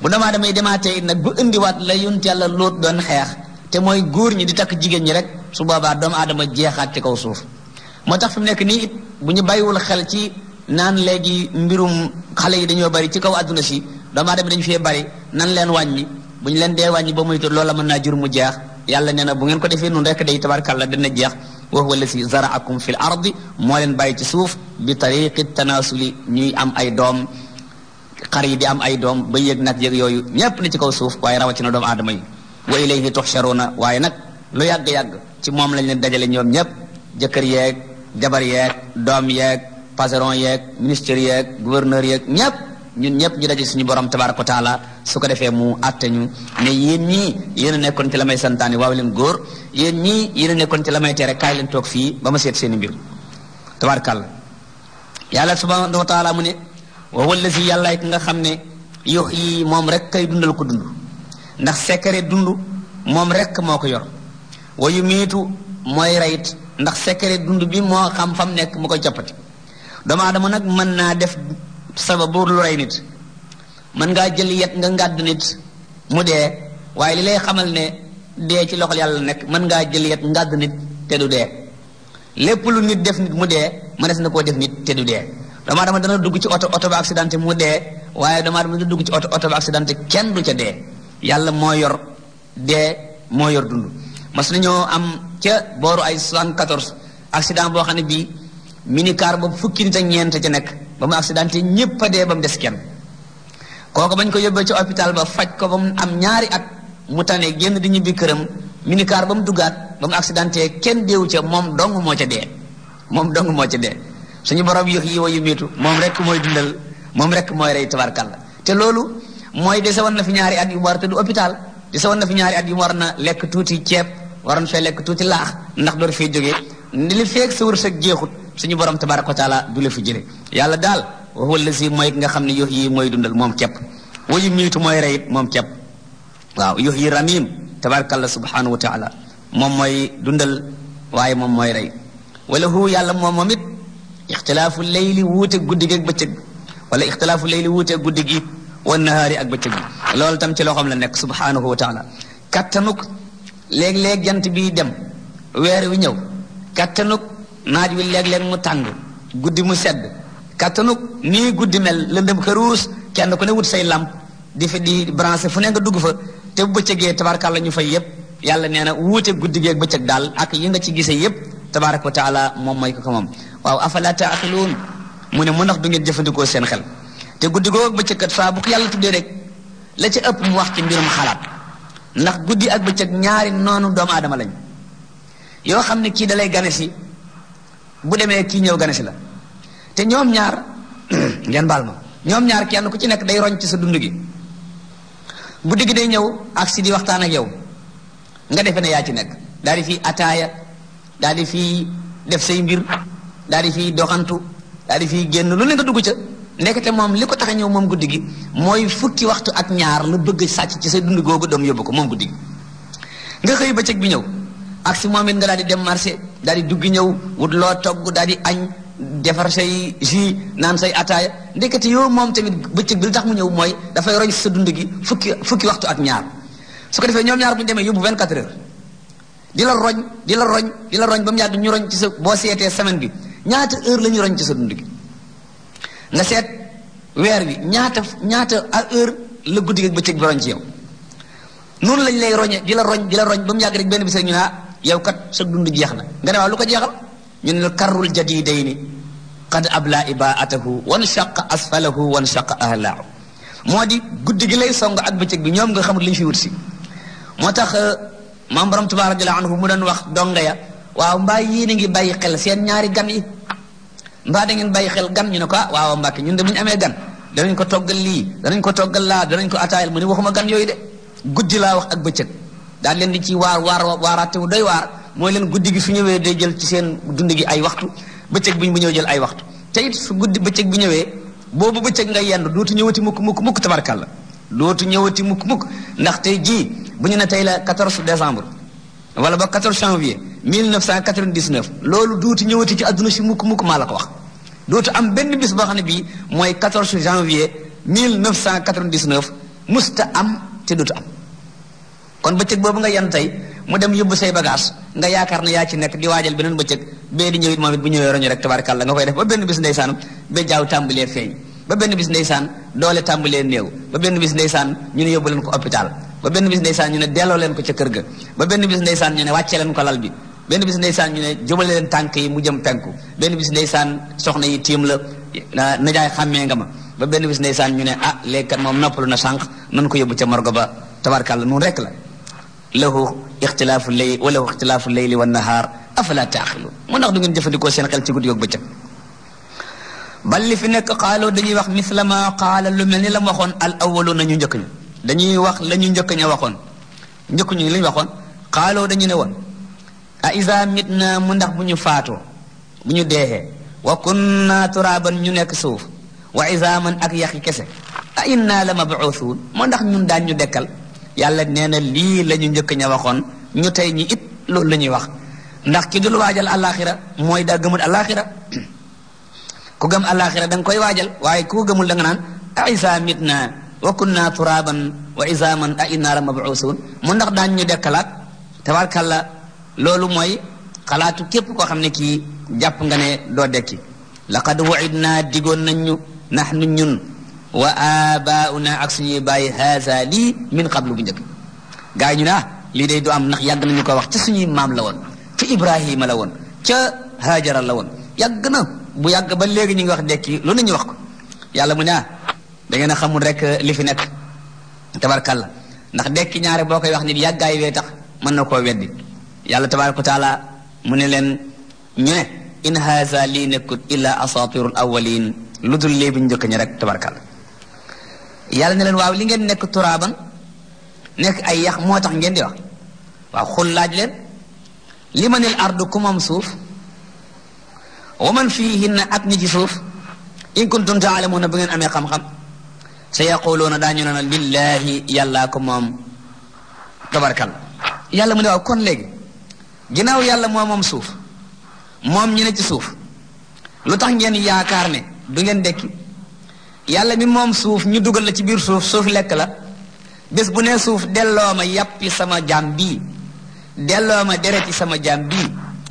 bu damaa damay demaatee nag bu indiwaat la yunt yàlla lóot doon xeex te mooy góor ñi di takk jigéen ñi rek su boobaa doomu aadama jeexaat ci kaw suuf moo tax fi mu nekk nii it bu ñu bàyyiwul xel naan léegi mbirum xale yi dañoo bari ci kaw àdduna si doomu aadama dañu fee bari nan leen wàññi bu ñu leen dee wàññi boo muy tudd loola mën naa jur mu jeex yàlla nee na bu ngeen ko defee nu rek day tabarkàlla dana jeex wa huwa alladi zaraakum fi l ardi moo leen bàyyi ci suuf bi tariqi tanaasuli ñuy am ay doom xar yi di am ay doom ba yëg nag yëg yooyu ñépp na ci kaw suuf waaye rawatina doomu aadama yi wa ilayhi tuxsharuuna waaye nag lu yàgg-yàgg ci moom lañ leen dajale ñoom ñépp jëkkër yeeg jabar yeeg doom yeeg pazeron yeeg ministère yeeg gouverneur yeeg ñëpp ñun ñëpp ñu daje suñu borom ko taala su ko defee mu àtte ñu ne yéen ñi yéen nekkoon ci la may santaani waaw leen góor yéen ñi yéen nekkoon ci la may tere kaay leen toog fii ba ma seet seen i mbir tabarakàlla yàlla subhanahu wa taala mu ne wa wallazi yàlla ki nga xam ne yox yi moom rek kay dundal ko dund ndax secret dund moom rekk moo ko yor wayu miitu mooy rayit ndax secret dund bi moo xam fam nekk mu koy coppati doomu aadama nag mën naa def sababu lu rey nit mën ngaa jël yet nga ngàdd nit mu dee waaye li lay xamal ne dee ci loxol yàlla nekk mën ngaa jël yet ngàdd nit te du dee lépp lu nit def nit mu dee mënees na koo def nit te du dee doomu dama dana dugg ci oto oto ba accidenté mu dee waaye dama aadama dana dugg ci oto oto ba accidenté kenn du ca dee yàlla moo yor dee moo yor dund mas nañoo am ca booru ay 74 accident boo xam ne bii minicar boobu fukki nit ak ñeent ci nekk ba mu accidenté ñépp a dee ba mu des kenn kooku bañ ko yóbbee ci hôpital ba faj ko ba mu am ñaari at mu tane génn di ñibbi këram minicar ba mu duggaat ba mu accidenté kenn deewu ca moom dong moo ca dee moom dong moo ca dee suñu borom yux yi wa yu miitu moom rek mooy dundal moom rek mooy rey tabarkàlla te loolu mooy dese woon na fi ñaari at yu mu war a tëdd hôpital fi ñaari at yu war na lekk tuuti ceeb waroon fee lekk tuuti laax ndax door fee jógee li feeg sa wërsëg jeexut suñu borom tabaraka wa taala du la fi jële yàlla daal wa huwa allazi mooy ki nga xam ne yox yi mooy dundal moom képp wa yumiitu mooy rey moom képp waaw yox yi ramim tabarakallah subhanahu wa taala moom mooy dundal waaye moom mooy rey wala hu yàlla moom moom it ixtilaafu leyli wuute guddi gi ak bëccëg wala ixtilaafu leyli wuute guddi gi wan nahaari ak bëccëg loolu tam ci loxoom la nekk subhanahu wa taala kattanuk léeg-léeg jant bi dem weer wi ñëw kattanuk naaj wi léeg-léeg mu tàng guddi mu sedd kattanu nii guddi mel lëndëm këruus kenn ku ne wut say lamp di fi di branché fu ne nga dugg fa te bu bëccëgee tabaarkàlla ñu fay yépp yàlla nee na wuute guddi geeg bëccëg daal ak yi nga ci gisee yépp tabaaraka wa taala moom mooy ko ko moom waaw afalaat ak taaqiluun mu ne mu ndax du ngeen jëfandikoo seen xel te guddi googu bëccëg kat saa bu ko yàlla tuddee rek la ci ëpp mu wax ci mbirum xalaat ndax guddi ak bëccëg ñaari noonu doomu aadama lañ yoo xam ne kii dalay gane si bu demee kii ñëw gane si la te ñoom ñaar ngeen baal ma ñoom ñaar kenn ku ci nekk day roñ ci sa dund gi bu digg day ñëw ak si di waxtaan ak yow nga defee ne yaa ci nekk daal di fi ataaya daal di fi def say mbir daal di fi doxantu daal fii génn lu ne nga dugg ca ndekete moom li ko tax a ñëw moom guddi gi mooy fukki waxtu ak ñaar la bëgg sàcc ci sa dund googu doom yóbbu ko moom guddi gi nga xëy bëccëg bi ñëw. ak si moom it nga daal di dem marché daal di dugg ñëw wut loo togg daal di añ defar say jus naan say ataaya ndekete yoo moom tamit bëccëg bi li tax mu ñëw mooy dafay roñ sa dund gi fukki fukki waxtu ak ñaar su ko ñoom ñaar bu demee yóbbu 24 heures di la roñ di la di la ba mu yàgg ñu ci sa boo seetee semaine bi ñaata heure la ñuy roñ sa dund gi nga seet weer wi ñaata ñaata a heure la guddi ak bëccëg bi roñ ci yow noonu lañ lay roñe di la roñ di la roñ ba mu yàgg rek benn bis rek ñu naa yow kat sa dund jeex na nga ne waaw lu ko jeexal ñu ne la karrul jadidayni qad abla ibaatahu wan shaqa asfalahu wan shaqa ahlaahu moo di guddi gi lay song ak bëccëg bi ñoom nga xamul li fi wut si moo tax euh, maam borom Tuubaa radiyallaahu anhu mu doon wax donga ya waaw mbaa yéen a ngi bàyyi xel seen ñaari gan yi mbaa da ngeen bàyyi xel gan ñu ne ko ah waaw Mbàkke ñun de bu ñu amee gan danañ ko toggal lii danañ ko toggal laa danañ ko ataayal mu ne ma gan yooyu de guddi laa wax ak bëccëg daal leen di ci waar waar waaraate wu doy waar mooy leen guddi gi su ñëwee day jël ci seen dund gi ay waxtu bëccëg bi bu ñëw jël ay waxtu te it su guddi bëccëg bi ñëwee boobu bëccëg nga yendu dootu ñëwati mukk mukk mukk tabarkàlla dootu ñëwati mukk mukk ndax tey jii bu ñu ne tey la 14 décembre wala ba 14 janvier 1999 loolu dootu ñëwati àdduna si mukk mukk maa la ko wax dootu am benn bis boo xam ne bii mooy 14 janvier 1999 musta am te dootu am kon bëccëg boobu nga yan tey mu dem yóbbu say bagage nga yaakaar ne yaa ci nekk di waajal beneen bëccëg bee di ñëw moom it bu ñëwee roñu rek tabarkàlla nga koy def ba benn bis ndeysaan ba jaaw tàmbalee feeñ ba benn bis ndeysaan doole tàmbalee néew ba benn bis ndeysaan ñu ne yóbbu leen ko hôpital ba benn bis ndeysaan ñu ne delloo leen ko ca kër ga ba benn bis ndeysaan ñu ne wàccee leen ko lal bi benn bis ndeysaan ñu ne jubale leen tànk yi mu jëm penku benn bis ndeysaan soxna yi tiim la najaay xàmmee nga ma ba benn bis ndeysaan ñu ne ah léegi kat moom noppalu na sànq nan ko yóbbu ca morgo ba tabarkàlla noonu rek la lahu ixtilaafu lay wa lahu ixtilaafu leyli wa nahaar afala taaxiluun mu ndax du ngeen jëfandikoo seen xel ci guddi ak bëccëg bal li fi nekk xaaloo dañuy wax misla ma qaala lu mel ni la waxoon al awaluuna ñu njëkk dañuy wax la njëkk ña waxoon njëkk ñu waxoon xaaloo dañu ne woon a isa mit na mu ndax bu ñu faatoo bu ñu deexee wa kunna turaaban ñu nekk suuf wa isaaman ak yaqi kese a inna la mabuusuun mu ndax ñun daan ñu dekkal yàlla nee na lii lañu ñu njëkk ña waxoon ñu tey ñi it loolu la ñuy wax ndax ki dul waajal àllaaxira mooy daa gëmul àllaaxira ku gëm àllaaxira da nga koy waajal waaye ku gëmul da nga naan a isa mitna wa kunna turaban wa isaman a inna la mabuusuun mu ndax daañ ñu dekkalaat tabarkàlla loolu mooy xalaatu képp koo xam ne kii jàpp nga ne doo dekki laqad waidna digoon nañ nax nu ñun wa abauna ak suñuy bàyyi haza lii min qablu bu njëkk gaa ñu naa ah, lii day du am ndax yàgg ñu ko wax ci suñuy maam la woon ci ibrahima la woon ca hajara la woon yàgg na bu yàgg ba léegi ñu ngi wax dekki lu nañu wax ko yàlla mu naa ah da ngeen a xamul rek eh, li fi nekk tabarkalla ndax dekki ñaare boo koy wax ni yàggaay wee tax mën na koo weddi yàlla tabaraka wa taala mu ne leen ñu ne in haza lii nekkut illa asatirul awalin lu dul léebi ñu njëkk ñi rek tabarkalla yàlla ne leen waaw li ngeen nekk turaaban nekk ay yax moo tax ngeen di wax waaw xul laaj leen li manil ardu ku moom suuf wa man fiihinna ak ñi ci suuf in kuntum taalamuuna bu ngeen amee xam-xam sa yaquluuna daañu ne lillaahi yàlla ko moom tabarkal yàlla mu ne waaw kon léegi ginaaw yàlla moo moom suuf moom ñu nekk ci suuf lu tax ngeen yaakaar ne du ngeen dekki yàlla mi moom suuf ñu dugal la ci biir suuf suuf lekk la bés bu nee suuf delloo ma yàppi sama jaam bii delloo ma yi sama jaam bii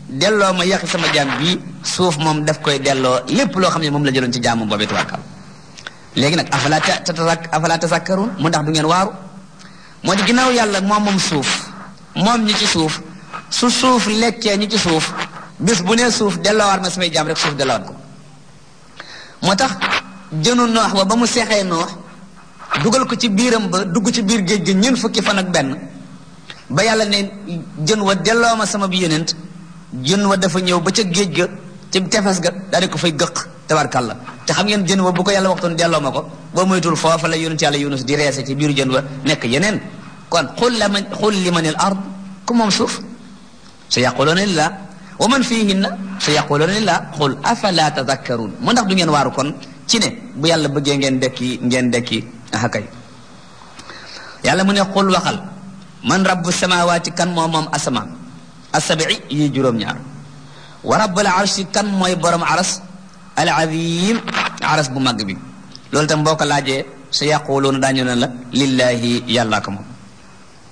delloo ma yàqi sama jaam bii suuf moom daf koy delloo lépp loo xam ne moom la jëloon ci jaamu boobu tawakkal léegi nag afala tatak afala tasakkaruun mu ndax du ngeen waaru moo di ginnaaw yàlla moom moom suuf moom ñi ci suuf su suuf lekkee ñi ci suuf bis bu nee suuf delloo delloowaat ma samay jaam rek suuf delloowaat ko moo tax jënu noox ba ba mu seexee noox dugal ko ci biiram ba dugg ci biir géej gi ñun fukki fan ak benn ba yàlla ne jën wa delloo ma sama bi yonent jën wa dafa ñëw ba ca géej ga ci tefes ga daal di ko fay gëq te tabarkàlla te xam ngeen jën wa bu ko yàlla waxtoon delloo ma ko boo tul foofa la yonent yàlla yunus di reese ci biiru jën wa nekk yeneen kon xul la man xul li manil ard ku moom suuf sa yaquluuna lillah wa man fihinna sa yaquluuna lillah qul afala tadakkaruun mu ndax du ngeen waaru kon ci ne bu yàlla bëggee ngeen dekki ngeen dekki akay yàlla mu ne xul waxal man rabbu samawaati kan moo moom asamaan asabii yi juróom-ñaar wa rabbul arshi kan mooy borom aras al azim aras bu màgg bi loolu tam boo ko laajee sa yaquluuna daañu ne la lillahi yàllaa ko moom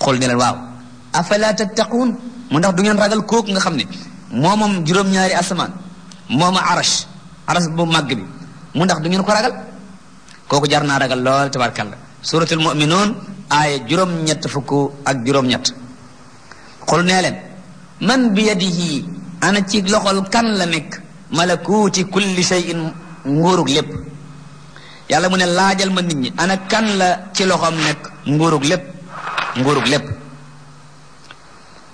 xul ne leen tattaquun mu ndax du ngeen ragal kooku nga xam ni moo moom juróom-ñaari asamaan mooma arash aras bu màgg bi mu ndax du ngeen ko ragal kooku jar naa ragal lool tabarkalla suratul muminuun aaya juróom-ñett fukk ak juróom-ñett xul nee leen man bi yadihi ana ci loxol kan la nekk malakuuti kulli shay'in nguurug lépp yàlla mu ne laajal ma nit ñi ana kan la ci loxom nekk nguurug lépp nguurug lépp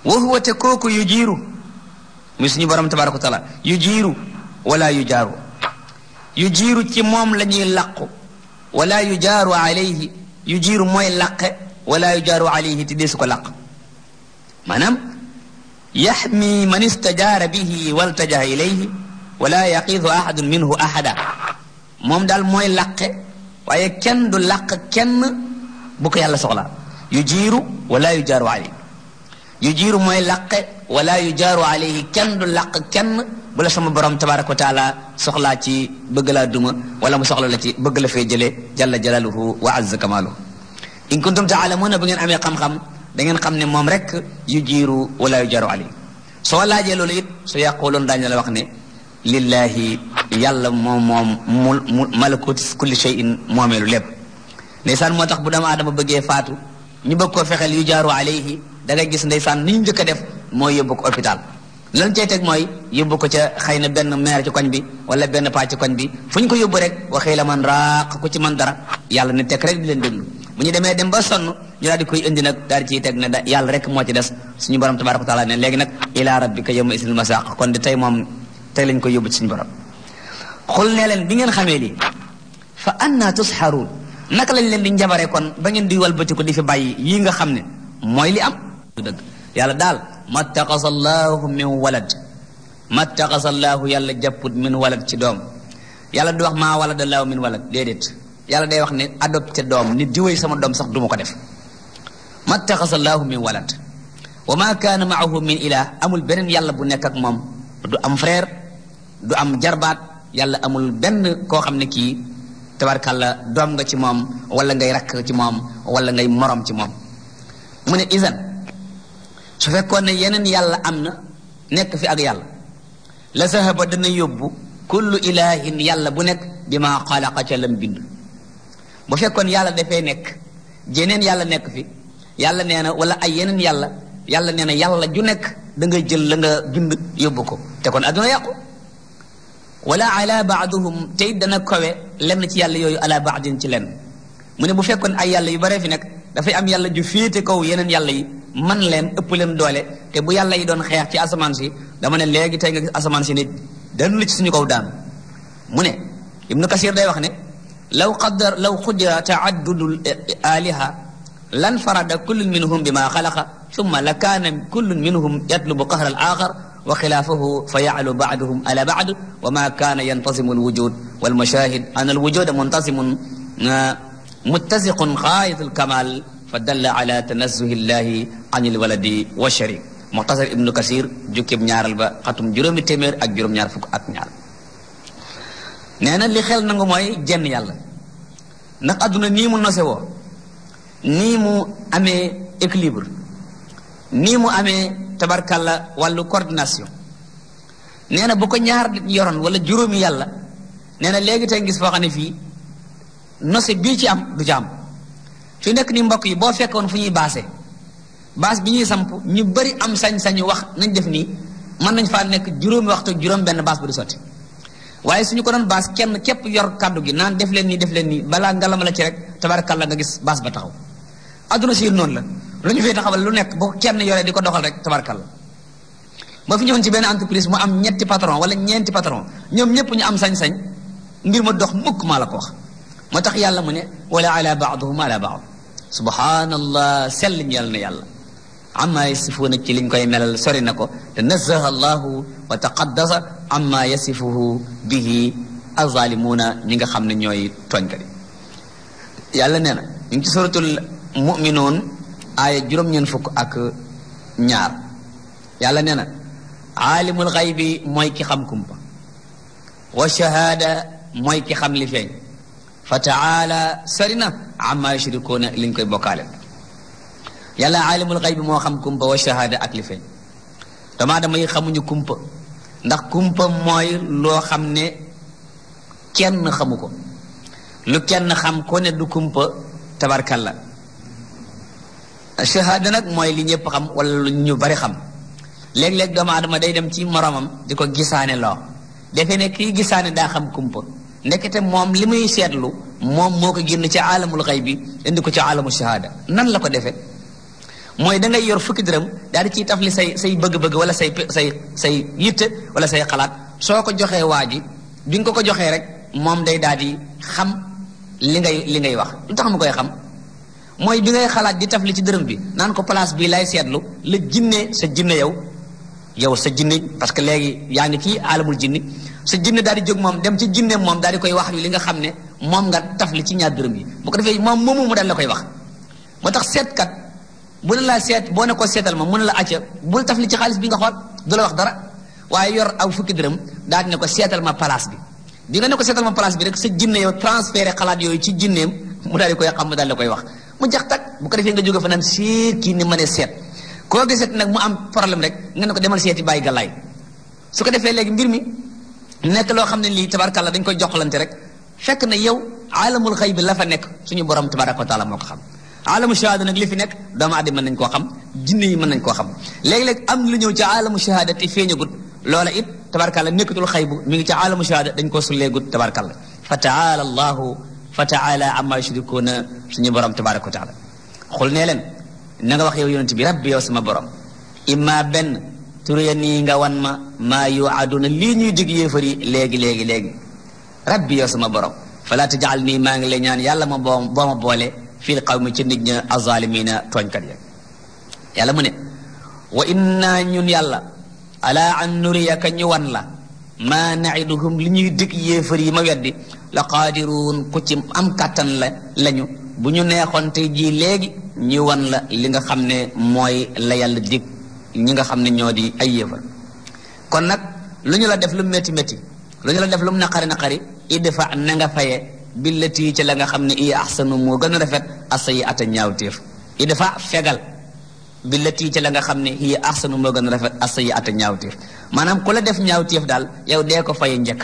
wa huwa te kooku yu jiiru muy suñu borom tabaraka wa taala yu jiiru wala yu jaaru yu jiiru ci moom la ñuy làqu wala yu jaaru alayhi yu jiiru mooy làqe wala yu jaaru alayhi te deesu ko làq maanaam yaxmi man istajaara bihi waltajaha ilayhi wala yaqiidu ahadun minhu ahada moom daal mooy làqe waaye kenn du làq kenn bu ko yàlla soxla yu jiiru wala yu jaaru alayhi yu jiiru mooy làqe wala yu jaaru alayhi kenn du làq kenn bu la sama borom tabaaraka wa taala soxlaa ci bëgg laa duma wala mu soxla la ci bëgg la fee jëlee jalla jalaaluhu wa azza kamaaluhu in kuntum taalamuuna bu ngeen amee xam-xam da ngeen xam ne moom rek yu jiiru wala yu jaru ali soo laajee loolu it su yàquloon daañu la wax ne lillahi yàlla moom moom mu mu malakut kulli shay'in moomeelu lépp ndeysaan moo tax bu dama adama bëggee faatu ñu bëgg koo fexeel yu jaaru alayhi da ngay gis ndeysaan ni ñu njëkk a def mooy yóbbu ko hôpital lan cey teg mooy yóbbu ko ca xëy na benn meer ci koñ bi wala benn paa ci koñ bi fu ñu ko yóbbu rek waxee la man raaq ko ci man dara yàlla ne tek rek di leen déglu bu ñu demee dem ba sonn ñu daal di koy indi nag daal di ciy ne da yàlla rek moo ci des suñu borom tabaraka wa taala ne léegi nag ilaa rabbika yawma isil masaq kon di tey moom tey lañ koy yóbbu ci suñu borom xul ne leen bi ngeen xamee lii fa anna tusxaruun naka lañ leen di njabare kon ba ngeen di walbati ko di fi bàyyi yii nga xam ne mooy li am dëgg yàlla daal mattaxasa allaahu min walad mattaxasa allaahu yàlla jàpput min walad ci doom yàlla du wax maa walad allaahu min walad déedéet yàlla day wax ne adopté doom ni diwéy sama doom sax duma ko def mattaxasa allaahu min walad wa maa kaana maahu min ilah amul beneen yàlla bu nekk moom du am frère du am jarbaat yàlla amul benn koo xam ne kii tabarkàlla doom nga ci moom wala ngay rakk ci moom wala ngay morom ci moom mu ne isan su fekkoon ne yeneen yàlla am na nekk fi ak yàlla la sahaba dana yóbbu kullu ilahin yàlla bu nekk bi ma xalaqa ca lam bind bu fekkoon yàlla dafay nekk jeneen yàlla nekk fi yàlla nee na wala ay yeneen yàlla yàlla nee na yàlla ju nekk da ngay jël la nga bind yóbbu ko te kon adduna yàqu wala ala baaduhum tey dana kowe lenn ci yàlla yooyu ala baadin ci lenn mu ne bu fekkoon ay yàlla yu bare fi nekk dafay am yàlla ju féete kaw yeneen yàlla yi man leen ëpp leen doole te bu yàlla yi doon xeex ci asamaan si dama ne léegi tey nga gis asamaan si nit dañu la ci suñu kaw daan mu ne ibnu kasir day wax ne law qaddar law qudira taaddudul aliha lan farada kullun minhum bima xalaqa summa la kaana kullun minhum yatlubu qahra al axar wa xilaafahu fa yaclu baaduhum ala baad wa ma kaana yantasimu alwujud walmashahid an alwujuda muntasimun ah, muttasiqun xaayit alkamal fa dalla ala tanazzuhillahi anil waladi wa sharik muxtasar ibnu kasir jukkib ñaaral ba xatum juróomi téeméer ak juróom-ñaar fukk ak ñaar nee na li xel nangu mooy jenn yàlla ndax adduna nii mu nose woo nii mu amee équilibre nii mu amee tabarkalla wàllu coordination nee na bu ko ñaar yoroon wala juróomi yàlla nee na léegi tey ngis foo xam ne fii nose bii ci am du ci fi nekk nii mbokk yi boo fekkoon fu ñuy baase baas bi ñuy samp ñu bari am sañ-sañu wax nañ def nii mën nañ faa nekk juróomi waxtu juróom benn baas bu di sotti waaye suñu ko doon baas kenn képp yor kàddu gi naan def leen nii def leen nii balaa ngalama ci rek tabaarakàlla nga gis baas ba taxaw adduna si noonu la lu ñu fee taxawal lu nekk boo kenn yoree di ko doxal rek la ba fi ñëwoon ci benn entreprise mu am ñetti patron wala ñeenti patron ñoom ñëpp ñu am sañ-sañ mbir ma dox mukk la ko wax moo tax yàlla mu ne wala ala baaduhum ala baad subhanallah sell ñeel na yàlla amma yasifuuna ci liñ koy melal sori na ko te nazaha allahu wa taqaddasa amma yasifuhu bihi azalimuuna ñi nga xam ne ñooy tooñkat yi yàlla nee na ñu ngi ci suratul muminuun aaya juróom-ñeen fukk ak ñaar yàlla nee na aalimul xaybi mooy ki xam kumpa wa shahaada mooy ki xam li feeñ fa taala sori na amma yushrikuuna liñ koy bokkaale yàlla aalimul xayb moo xam kumpa wa shahaada ak li feeñ dama yi xamuñu kumpa ndax kumpa mooy loo xam ne kenn xamu ko lu kenn xam ko ne du kumpa tabarkalla shahaada nag mooy li ñëpp xam wala lu ñu bari xam léeg-léeg doomu aadama day dem ci moromam di ko gisaane loo defe ne kii gisaane daa xam kumpa nekkete moom li muy seetlu moom moo ko génn ci aalamul xay bi indi ko ci aalamu shahaada nan la ko defee mooy da ngay yor fukki dërëm daal di ciy tafli say say bëgg-bëgg wala say say say yitte wala say xalaat soo ko joxee waa ji bi nga ko ko joxee rek moom day daal di xam li ngay li ngay wax lu tax mu koy xam mooy bi ngay xalaat di tafli ci dërëm bi naan ko place bii lay seetlu la jinne sa jinne yow yow sa jinne parce que léegi yaa ngi ci aalamul jinni sa jinne daal di jóg moom dem ci jinne moom daal di koy wax li nga xam ne moom nga tafli ci ñaar dërëm yi bu ko defee moom moomu mu daal la koy wax moo tax seetkat bu ne laa seet boo ne seetal ma mu ne la acca bul tafli ci xaalis bi nga xool du wax dara waaye yor aw fukki dërëm daal di ko seetal ma place bi bi ne ko seetal ma place bi rek sa jinne yow transféré xalaat yooyu ci jinneem mu daal di koy xam mu daal koy wax mu jax tak ko defee nga jóge fa naan si kii ni ma ne seet koo gisati nag mu am problème rek nga ne ko demal seeti bàyyi galaay su ko defee léegi mbir mi nekk loo xam ne lii tabarkàlla dañ koy joxlante rek fekk na yow alamul xëy bi la fa nekk suñu borom tabaraka wa taala moo ko xam alamu shahada nag li fi nekk doomu aadama mën nañ koo xam jinne yi mën nañ koo xam léegi-léeg am lu ñëw ci alamu shahada te feeñagut loola it tabarkàlla nekkatul xëy bu mi ngi ci alamu shahada dañ koo sulleegut tabarkàlla fa taala allahu fa taala amma yushrikuuna suñu borom tabaraka wa taala xul nee leen na nga wax yow yonent bi rabbi yow sama borom imma benn turéya nii nga wan ma maa yu aduna lii ñuy dig yéefar léegi léegi léegi rabbi yow sama borom falaa tajal nii maa ngi lay ñaan yàlla ma boo boo ma boole fil qawmi ci nit ña azalimina tooñkat ya yàlla mu ne wa inna ñun yàlla ala an nuriyaka ñu wan la maa naiduhum li ñuy dig yéefar yi ma weddi la qaadiruun ku am kàttan la lañu bu ñu neexoon tey jii léegi ñu wan la li nga xam ne mooy la yàlla dig ñi nga xam ne ñoo di ay yéefar kon nag lu ñu la def lu métti métti lu ñu la def lu mu naqari naqari idfa na nga faye billati ci la nga xam ne iya ahsanu moo gën a rafet asayi ata ñaawteef idfa fegal billati ci la nga xam ne iya ahsanu moo gën a rafet asayi ata ñaawteef maanaam ku la def ñaawteef daal yow dee ko faye njëkk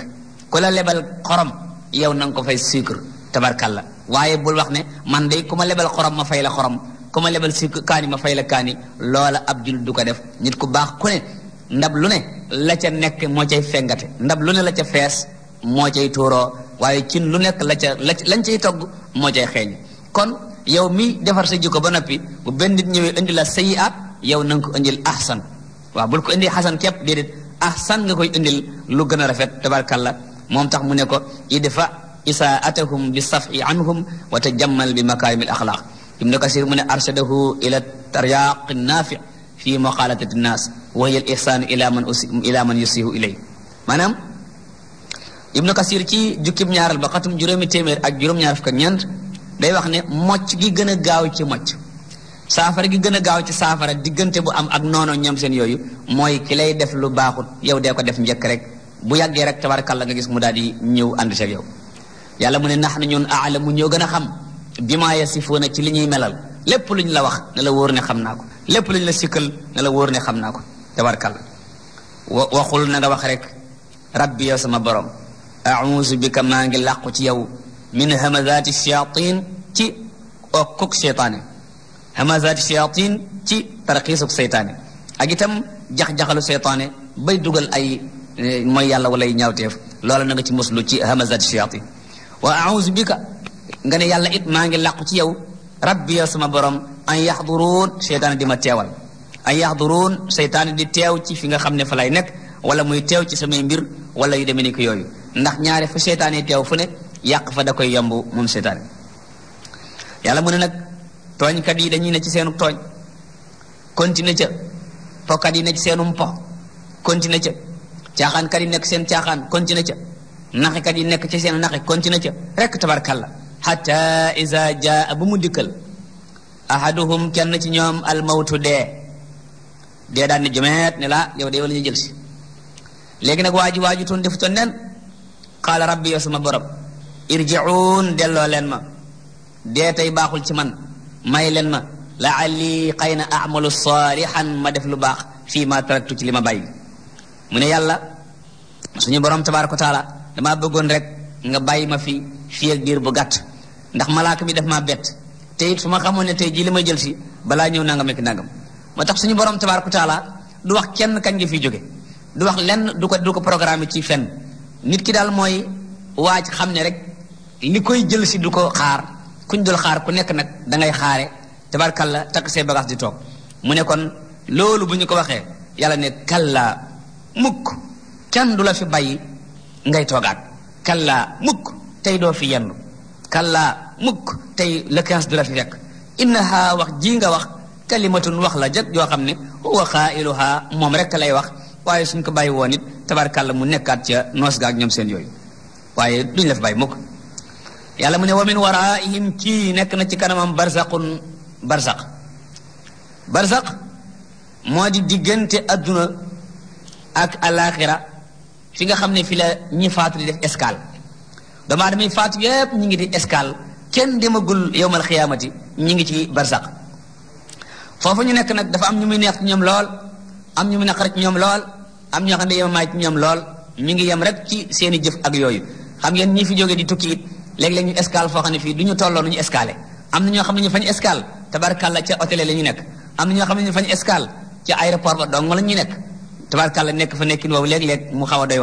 ku la lebal xorom yow na nga ko fay sucre tabarkalla waaye bul wax ne man de ku lebal xorom ma fay la xorom ku ma lebal si kaani ma fay la kaani loola ab jullit du ko def nit ku baax ku ne ndab lu ne la ca nekk moo cay fengate ndab lu ne la ca fees moo cay tuuroo waaye cin lu nekk la ca la lañ cay togg moo cay xeeñ kon yow mi defar sa jikko ba noppi bu benn nit ñëwee indi la sayi at yow na ko indil ahsan waa bul ko indi xasan képp déedéet ahsan nga koy indil lu gën a rafet tabarkalla moom tax mu defa issa idfa isaatahum bi safi anhum wa tajammal bi makarimil axlaaq ibnu kasir mu ne arshadahu ila taryaqi naafi fi muqaalatati nnaas wa hiya ila man usi ila man yusihu ilay maanaam ibnu ci jukkib ñaaral ba xatum juróomi téeméer ak juróom-ñaar fukk ak ñeent day wax ne mocc gi gën a gaaw ci mocc saafara gi gën a gaaw ci saafara diggante bu am ak noono ñamseen yooyu mooy ki lay def lu baaxut yow dee ko def njëkk rek bu yàggee rek te tabarakàlla nga gis mu daal di ñëw ànd ak yow yàlla mu ne nax na ñun aalamu ñoo gën a xam bi maa yasifuuna ci li ñuy melal lépp lu ñu la wax ne la wóor ne xam naako ko lépp lu la sikkal ne la woor ne xam naa ko tabarkàlla wa waxul na nga wax rek rabbi yow sama borom auzu bika maa ngi làqu ci yow min hamazaati shayatin ci okkuk seytaane hamazaati shayatin ci tarxiisuk seytaane ak itam jax-jaxalu seytaane bay dugal ay eh, mooy yàlla walay ñaawteef loola na nga ci muslu ci hamazaati shayatin wa auzu bika nga ne yàlla it maa ngi làqu ci yow rabbi yow sama borom an yaxduruun seytaane di ma teewal an yaxduruun seytaane di teew ci fi nga xam ne fa lay nekk wala muy teew ci samay mbir wala yu demee ni ko yooyu ndax ñaare fu seytaane teew fu ne yàq fa da koy yomb moom seytaane yàlla mu ne nag tooñkat yi dañuy ne ci seenu tooñ continué ca pokat yi ne ci seenum po continué ca caaxaankat yi nekk seen caaxaan continué ca naxikat yi nekk ci seen naxi continué ca rek tabarkalla xatta isa jaa bu mu dikkal ahaduhum kenn ci ñoom almawtu dee dee daan ni jumeet ne la yow dee wala ñu si léegi nag waaji waaji toon defu toon nen qaala rabbi yow sama borom irjiun delloo leen ma dee tey baaxul ci man may leen ma laalli xëy na amalu saalihan ma def lu baax fii ma taraktu ci li ma bàyyi mu ne yàlla suñu borom tabaraka wa taala damaa bëggoon rek nga bàyyi ma fi fii ak diir bu gàtt ndax malaaka mi def maa bett te su ma xamoon ne tey jii li may jël si balaa ñëw nangam ak nangam moo tax suñu borom tabaaraka taala du wax kenn kañ gi fiy jóge du wax lenn du ko du ko programme ci fenn nit ki daal mooy waaj xam ne rek li koy jël si du ko xaar ku kuñ dul xaar ku nekk nag da ngay xaare tabaarkalla takk say bagage di toog mu ne kon loolu bu ñu ko waxee yàlla ne kalla mukk kenn du la fi bàyyi ngay toogaat kalla mukk tey doo fi yenn kallaa mukk tey le quinze du la fi fekk innahaa wax ji nga wax kalimatun wax la jag joo xam ne huwa qaa'iluhaa moom rek lay wax waaye suñ ko bàyyi woon it tabarkàlla mu nekkaat ca noos ga ñoom seen yooyu waaye duñ la fi bàyyi mukk yàlla mu ne wa min waraihim kii nekk na ci kanamam barzaqun barzaq barzaq moo di diggante adduna ak alaxira fi nga xam ne fi la ñi faatu def escale doomu aadama yi faatu yépp ñu ngi di escale kenn demagul yowmal xiyaamati ñu ngi ci barsaq foofu ñu nekk nag dafa am ñu muy neex ci ñoom lool am ñu muy naqar ci ñoom lool am ñoo xam ne yemamaay ñoom lool ñu ngi yem rek ci seeni jëf ak yooyu xam ngeen ñi fi jógee di tukki it léeg-léeg ñu escale foo xam ne fii du ñu tolloo nu ñu escalé am na ñoo xam ne ñu fañ escale tabarkàlla ca hôtel la ñu nekk am na ñoo xam ne ñu fañ escale ci aéroport ba dong la ñu nekk tabarkàlla nekk fa nekkin woowu léeg-léeg mu xaw a doy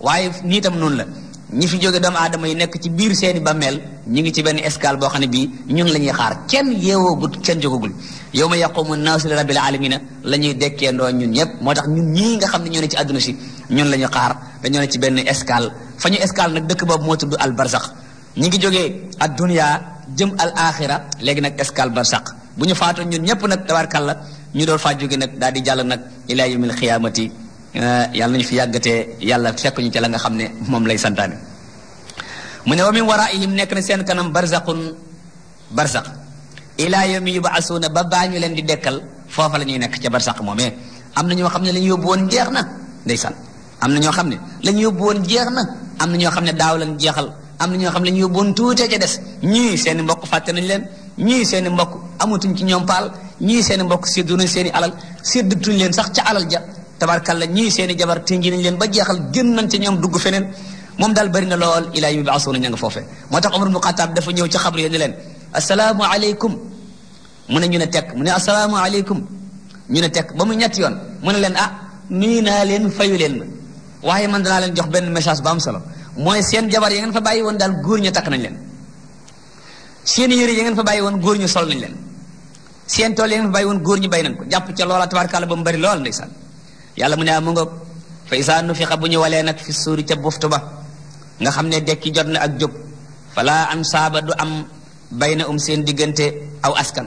waaye nii tam noonu la ñi fi jóge doomu aadama yi nekk ci biir seeni bàmmeel ñu ngi ci benn escale boo xam ne bii ñun la ñuy xaar kenn yeewoogut kenn jógagul yow ma yaqumu naasu li rabbil alamina la ñuy dekkeendoo ñun ñëpp moo tax ñun ñii nga xam ne ñoo ci àdduna si ñun la ñu xaar dañoo ci benn escale fa ñu escale nag dëkk boobu moo tudd al barzax ñi ngi jógee ad dunia jëm al axira léegi nag escale barzax bu ñu faatoo ñun ñëpp nag tabarkàlla ñu doon faa jóge nag daal di jàll nag ilaa yawmil xiyaamati Eh, yàlla nañu fi yàggatee yàlla fekk ñu ca la nga xam ne moom lay santaane mu ne waa min waraihim nekk na seen kanam barzaqun barzaq ilaa yawmi yubasuuna ba baa ñu leen di dekkal foofa la ñuy nekk ca barzaq moomee am na ñoo xam ne la ñu yóbbu woon jeex na ndeysaan am na ñoo xam ne la ñu yóbbu jeex na am na ñoo xam ne daaw lañ jeexal am na ñoo xam ne la ñu yóbbu tuutee ca des ñii seeni mbokk fàtte nañ leen ñii seen mbokk amatuñ ci ñoom paal ñii seen mbokk séddu nañ seen i alal séddutuñ leen sax ca alal ja tabarkalla ñii seeni jabar tingi nañ leen ba jeexal génn nañ ca ñoom dugg feneen moom daal bëri na lool ilaa yumi baasuuna ña nga foofe moo tax Omar ibnu Xataab dafa ñëw ci xabru yi ne leen asalaamu aleykum mu ne ñu ne tekk mu ne asalaamu aleykum ñu ne tekk ba mu ñetti yoon mu ne leen ah nuyu naa leen fayu leen waaye man danaa leen jox benn message ba am solo mooy seen jabar ya ngeen fa bàyyi woon daal góor ñu takk nañ leen seen yére ya ngeen fa bàyyi woon góor ñu sol nañ leen seen tool ya ngeen fa góor ñu bay nañ ko jàpp ca loola tabarkalla ba mu bëri lool ndeysaan yàlla mu ne amu nga fa isaa nu fiqa bu ñu walee nag fi suuri ca buftu ba nga xam ne dekki jot na ak jóg falaa an saaba du am bay na um seen diggante aw askan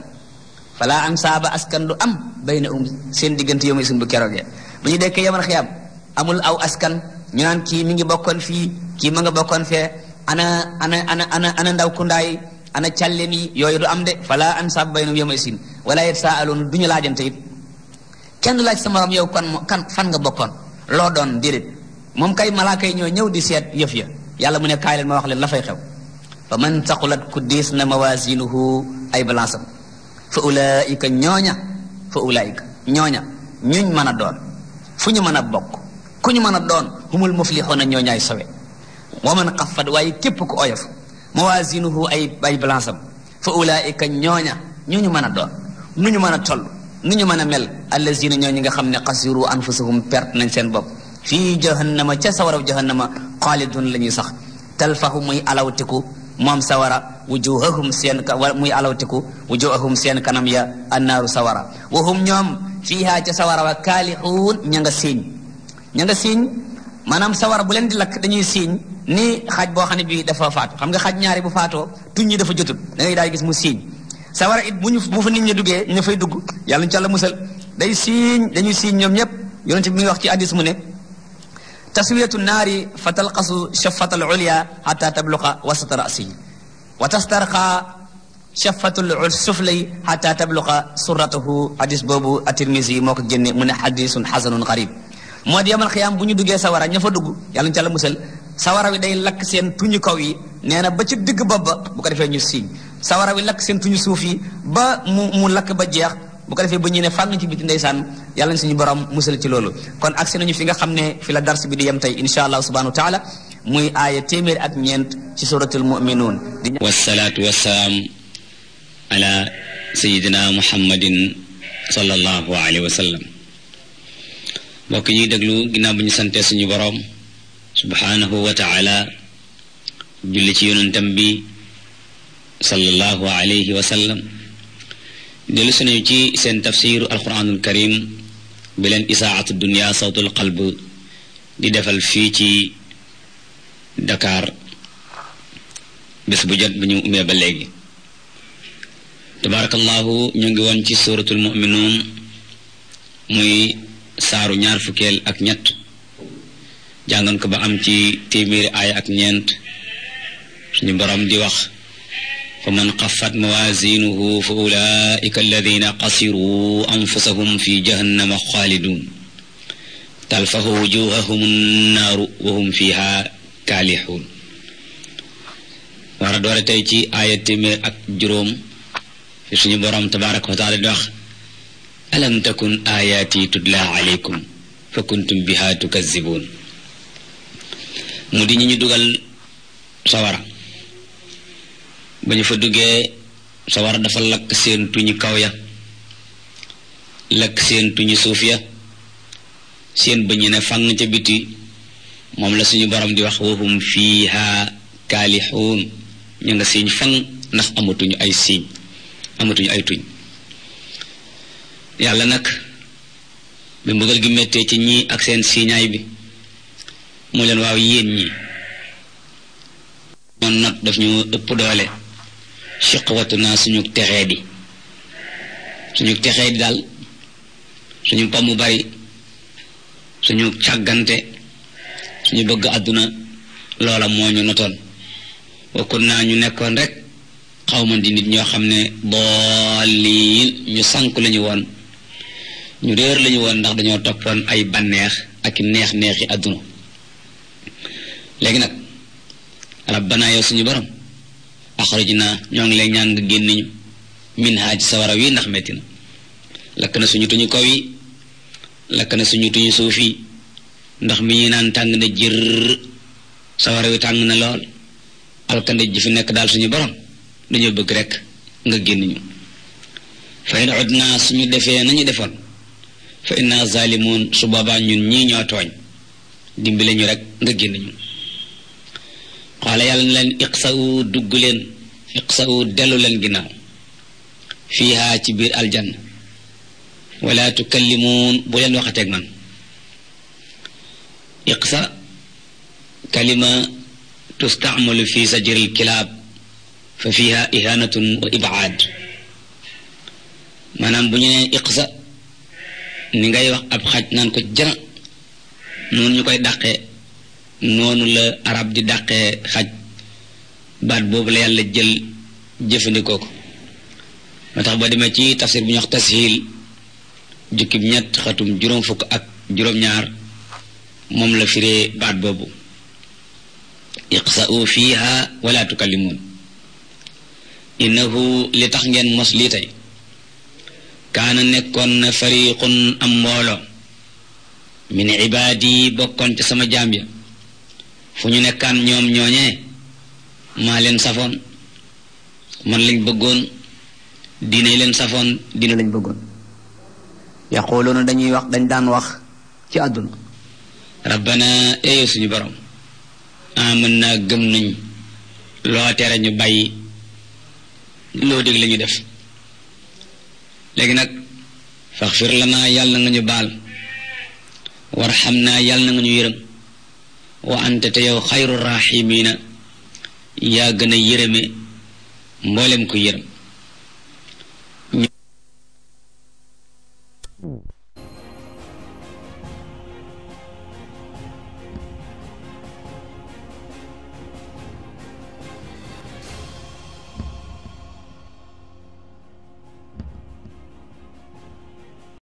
falaa an saaba askan du am bay na um seen diggante yow muy suñ bu keroogee bu ñu dekkee yamal xiyaam amul aw askan ñu kii mi ngi bokkoon fii kii ma nga bokkoon fee ana ana ana ana ana ndaw kundaay ana càlleen yi yooyu du am de falaa an saaba bay na um yow may sin wala yet saa aloonu du ñu laajante it kenn laaj sa morom yow kon kan fan nga bokkoon loo doon déedéet moom kay malaaka yi ñoo ñëw di seet yëf ya yàlla mu ne kaay leen ma wax leen la fay xew fa man saqulat ku diis na mawaasinuhu ay balance am fa ulaika ñooña fa ulaika ñooña ñuñ mën a doon fu ñu mën a bokk ku ñu mën a doon humul muflixoona ñooñaay sowe wa man xafat waaye képp ku oyof mawaasinuhu ay ay balance am fa ulaika ñooña ñu ñu mën a doon nu ñu mën a toll nu ñu mën a mel allazina ñoo ñi nga xam ne xasiru anfusahum perte nañ seen bopp fii jahannama ca sawaraw jahannama xaalidun la ñuy sax talfahu muy alawtiku moom sawara wujuhahum seen muy alawtiku wujuhahum seen kanam ya annaaru sawara wa hum ñoom fiiha ca sawara wa kaalixuun ña nga siiñ ña nga siiñ maanaam sawara bu leen di lakk dañuy siiñ ni xaaj boo xam ne bii dafa faatu xam nga xaj ñaari bu faatoo tuñ ñi dafa jotut da ngay daal gis mu siiñ sawara it bu ñu bu fa nit ñi duggee ñu fay dugg yàlla ñu ci yàlla musal day siiñ dañuy siiñ ñoom ñëpp yonente bi mi ngi wax ci addis mu ne taswiyatu naari fa talqasu shafatu lulia xata tabluqa wasata rasi wa tastarqa shafatu suflay xata tabluqa suratuhu hadis boobu atirmisi moo ko génne mu ne hadisun xasanun xarib moo di yamal xiyaam bu ñu duggee sawara ña fa dugg yàlla ñu ci yàlla musal sawara wi day lakk seen tuñu kaw yi nee na ba ci digg bopp ba bu ko defee ñu siiñ sawara wi lakk seen tuñu suuf yi ba mu mu lakk ba jeex bu ko defee ba ñu ne fànn ci biti ndeysaan yàlla na suñu borom musal ci loolu kon agsi nañu fi nga xam ne fi la dars bi di yem tey insha allah subhanahu wa taala muy aaya téeméer ak ñeent ci suratul muminuun wasalaatu wasalaam ala sayidina muhammadin sallallahu alayhi wa sallam mbokk yi déglu ginnaaw bu ñu sante suñu borom subhanahu wa taala julli ci yonentam bi sallallahu alayhi wa sallam nañu ci seen tafsiru alquranul karim bi leen isaatu dunia sawtul qalb di defal fii ci dakaar bés bu jot bi ñu umee ba léegi tabarakallahu ñu ngi woon ci suratul muminuun muy saaru ñaar fukkeel ak ñett jàngoon ko ba am ci téeméeri aaya ak ñeent suñu borom di wax fa man xafat mawazinuhu fa ulaika alladina xasiruu anfusahum fi jahannama xaalidun talfahu wujuhahum naaru wa hum fiha kaalixuun war a doore tey ci aaya téeméer ak juróom fi suñu boroom tabaraka wa taala di wax alam takun ayaati tutla aleykum fa kuntum biha tukazibun mu di ñi ñu dugal sawara ba ñu fa duggee sawara dafa lakk seen tuñu kaw ya lakk seen tuñu suuf ya seen bëñ ne fànn ca biti moom la suñu baram di wax wahum fiiha kaalixuun ñu nga siiñ fan ndax amatuñu ay siiñ amatuñu ay tuñ yàlla nag bi mbugal gi méttee ci ñii ak seen siiñaay bi moo leen waaw yéen ñi moom nag daf ñu ëpp doole shiqwatu naa suñu texee di suñu texee di daal suñu pamu bari suñu càggante suñu bëgg àdduna loola moo ñu notoon wakkun naa ñu nekkoon rek xawma di nit ñoo xam ne booliin ñu sànk lañu woon ñu réer lañu woon ndax dañoo toppoon ay banneex ak i neex neexi àdduna léegi nag rabbana yow suñu borom axraj naa ñoo ngi lay ñaan nga génne ñu min sawara wi ndax metti na lakk na suñu tuñu kaw yi lakk na suñu tuñu suuf fii ndax mi ñuy naan tàng na jër sawara wi tàng na lool alkande ji fi nekk daal suñu borom dañoo bëgg rek nga génn ñu fa in ud naa suñu defee nañu defoon fa inna zalimun su boobaa ñun ñii ñoo tooñ dimbile ñu rek nga génn ñu qaala yàlla na leen iqsa'u dugg leen iqsa'u dellu leen ginnaaw fiiha ci biir aljanna wala tukallimuun bu leen waxateeg man iqsa kalima tustacmalu fi sajri alkilaab fa fiiha ihanatun wa ibaad maanaam bu ñu nee iqsa ni ngay wax ab xaj naan ko jara noonu ñu koy dàqee noonu la arab di dàqee xaj baat boobu la yàlla jël jëfandikoo ko moo tax ba demee ci tafsir bu ñu wax tashil jukkib ñett xatum juróom fukk ak juróom-ñaar moom la firee baat boobu iqsa'u fiha wala tukallimuun innahu li tax ngeen mos lii tey kaana nekkoon na fariqun am mbooloo min ibaadi bokkoon ci sama jaam ya fu ñu nekkaan ñoom ñooñee maa leen safoon man lañ bëggoon diine leen safoon diine lañ bëggoon yaquluuna dañuy wax dañ daan wax ci àdduna rabbana eyo suñu borom aman naa gëm nañ loo tere ñu bàyyi loo dégg la def léegi nag faxfir lanaa yàlla nga ñu baal warxam naa yàlla nga ñu yërëm waa anta te yow xayru raximina yaa gën a yërëme mboolem ko yërëm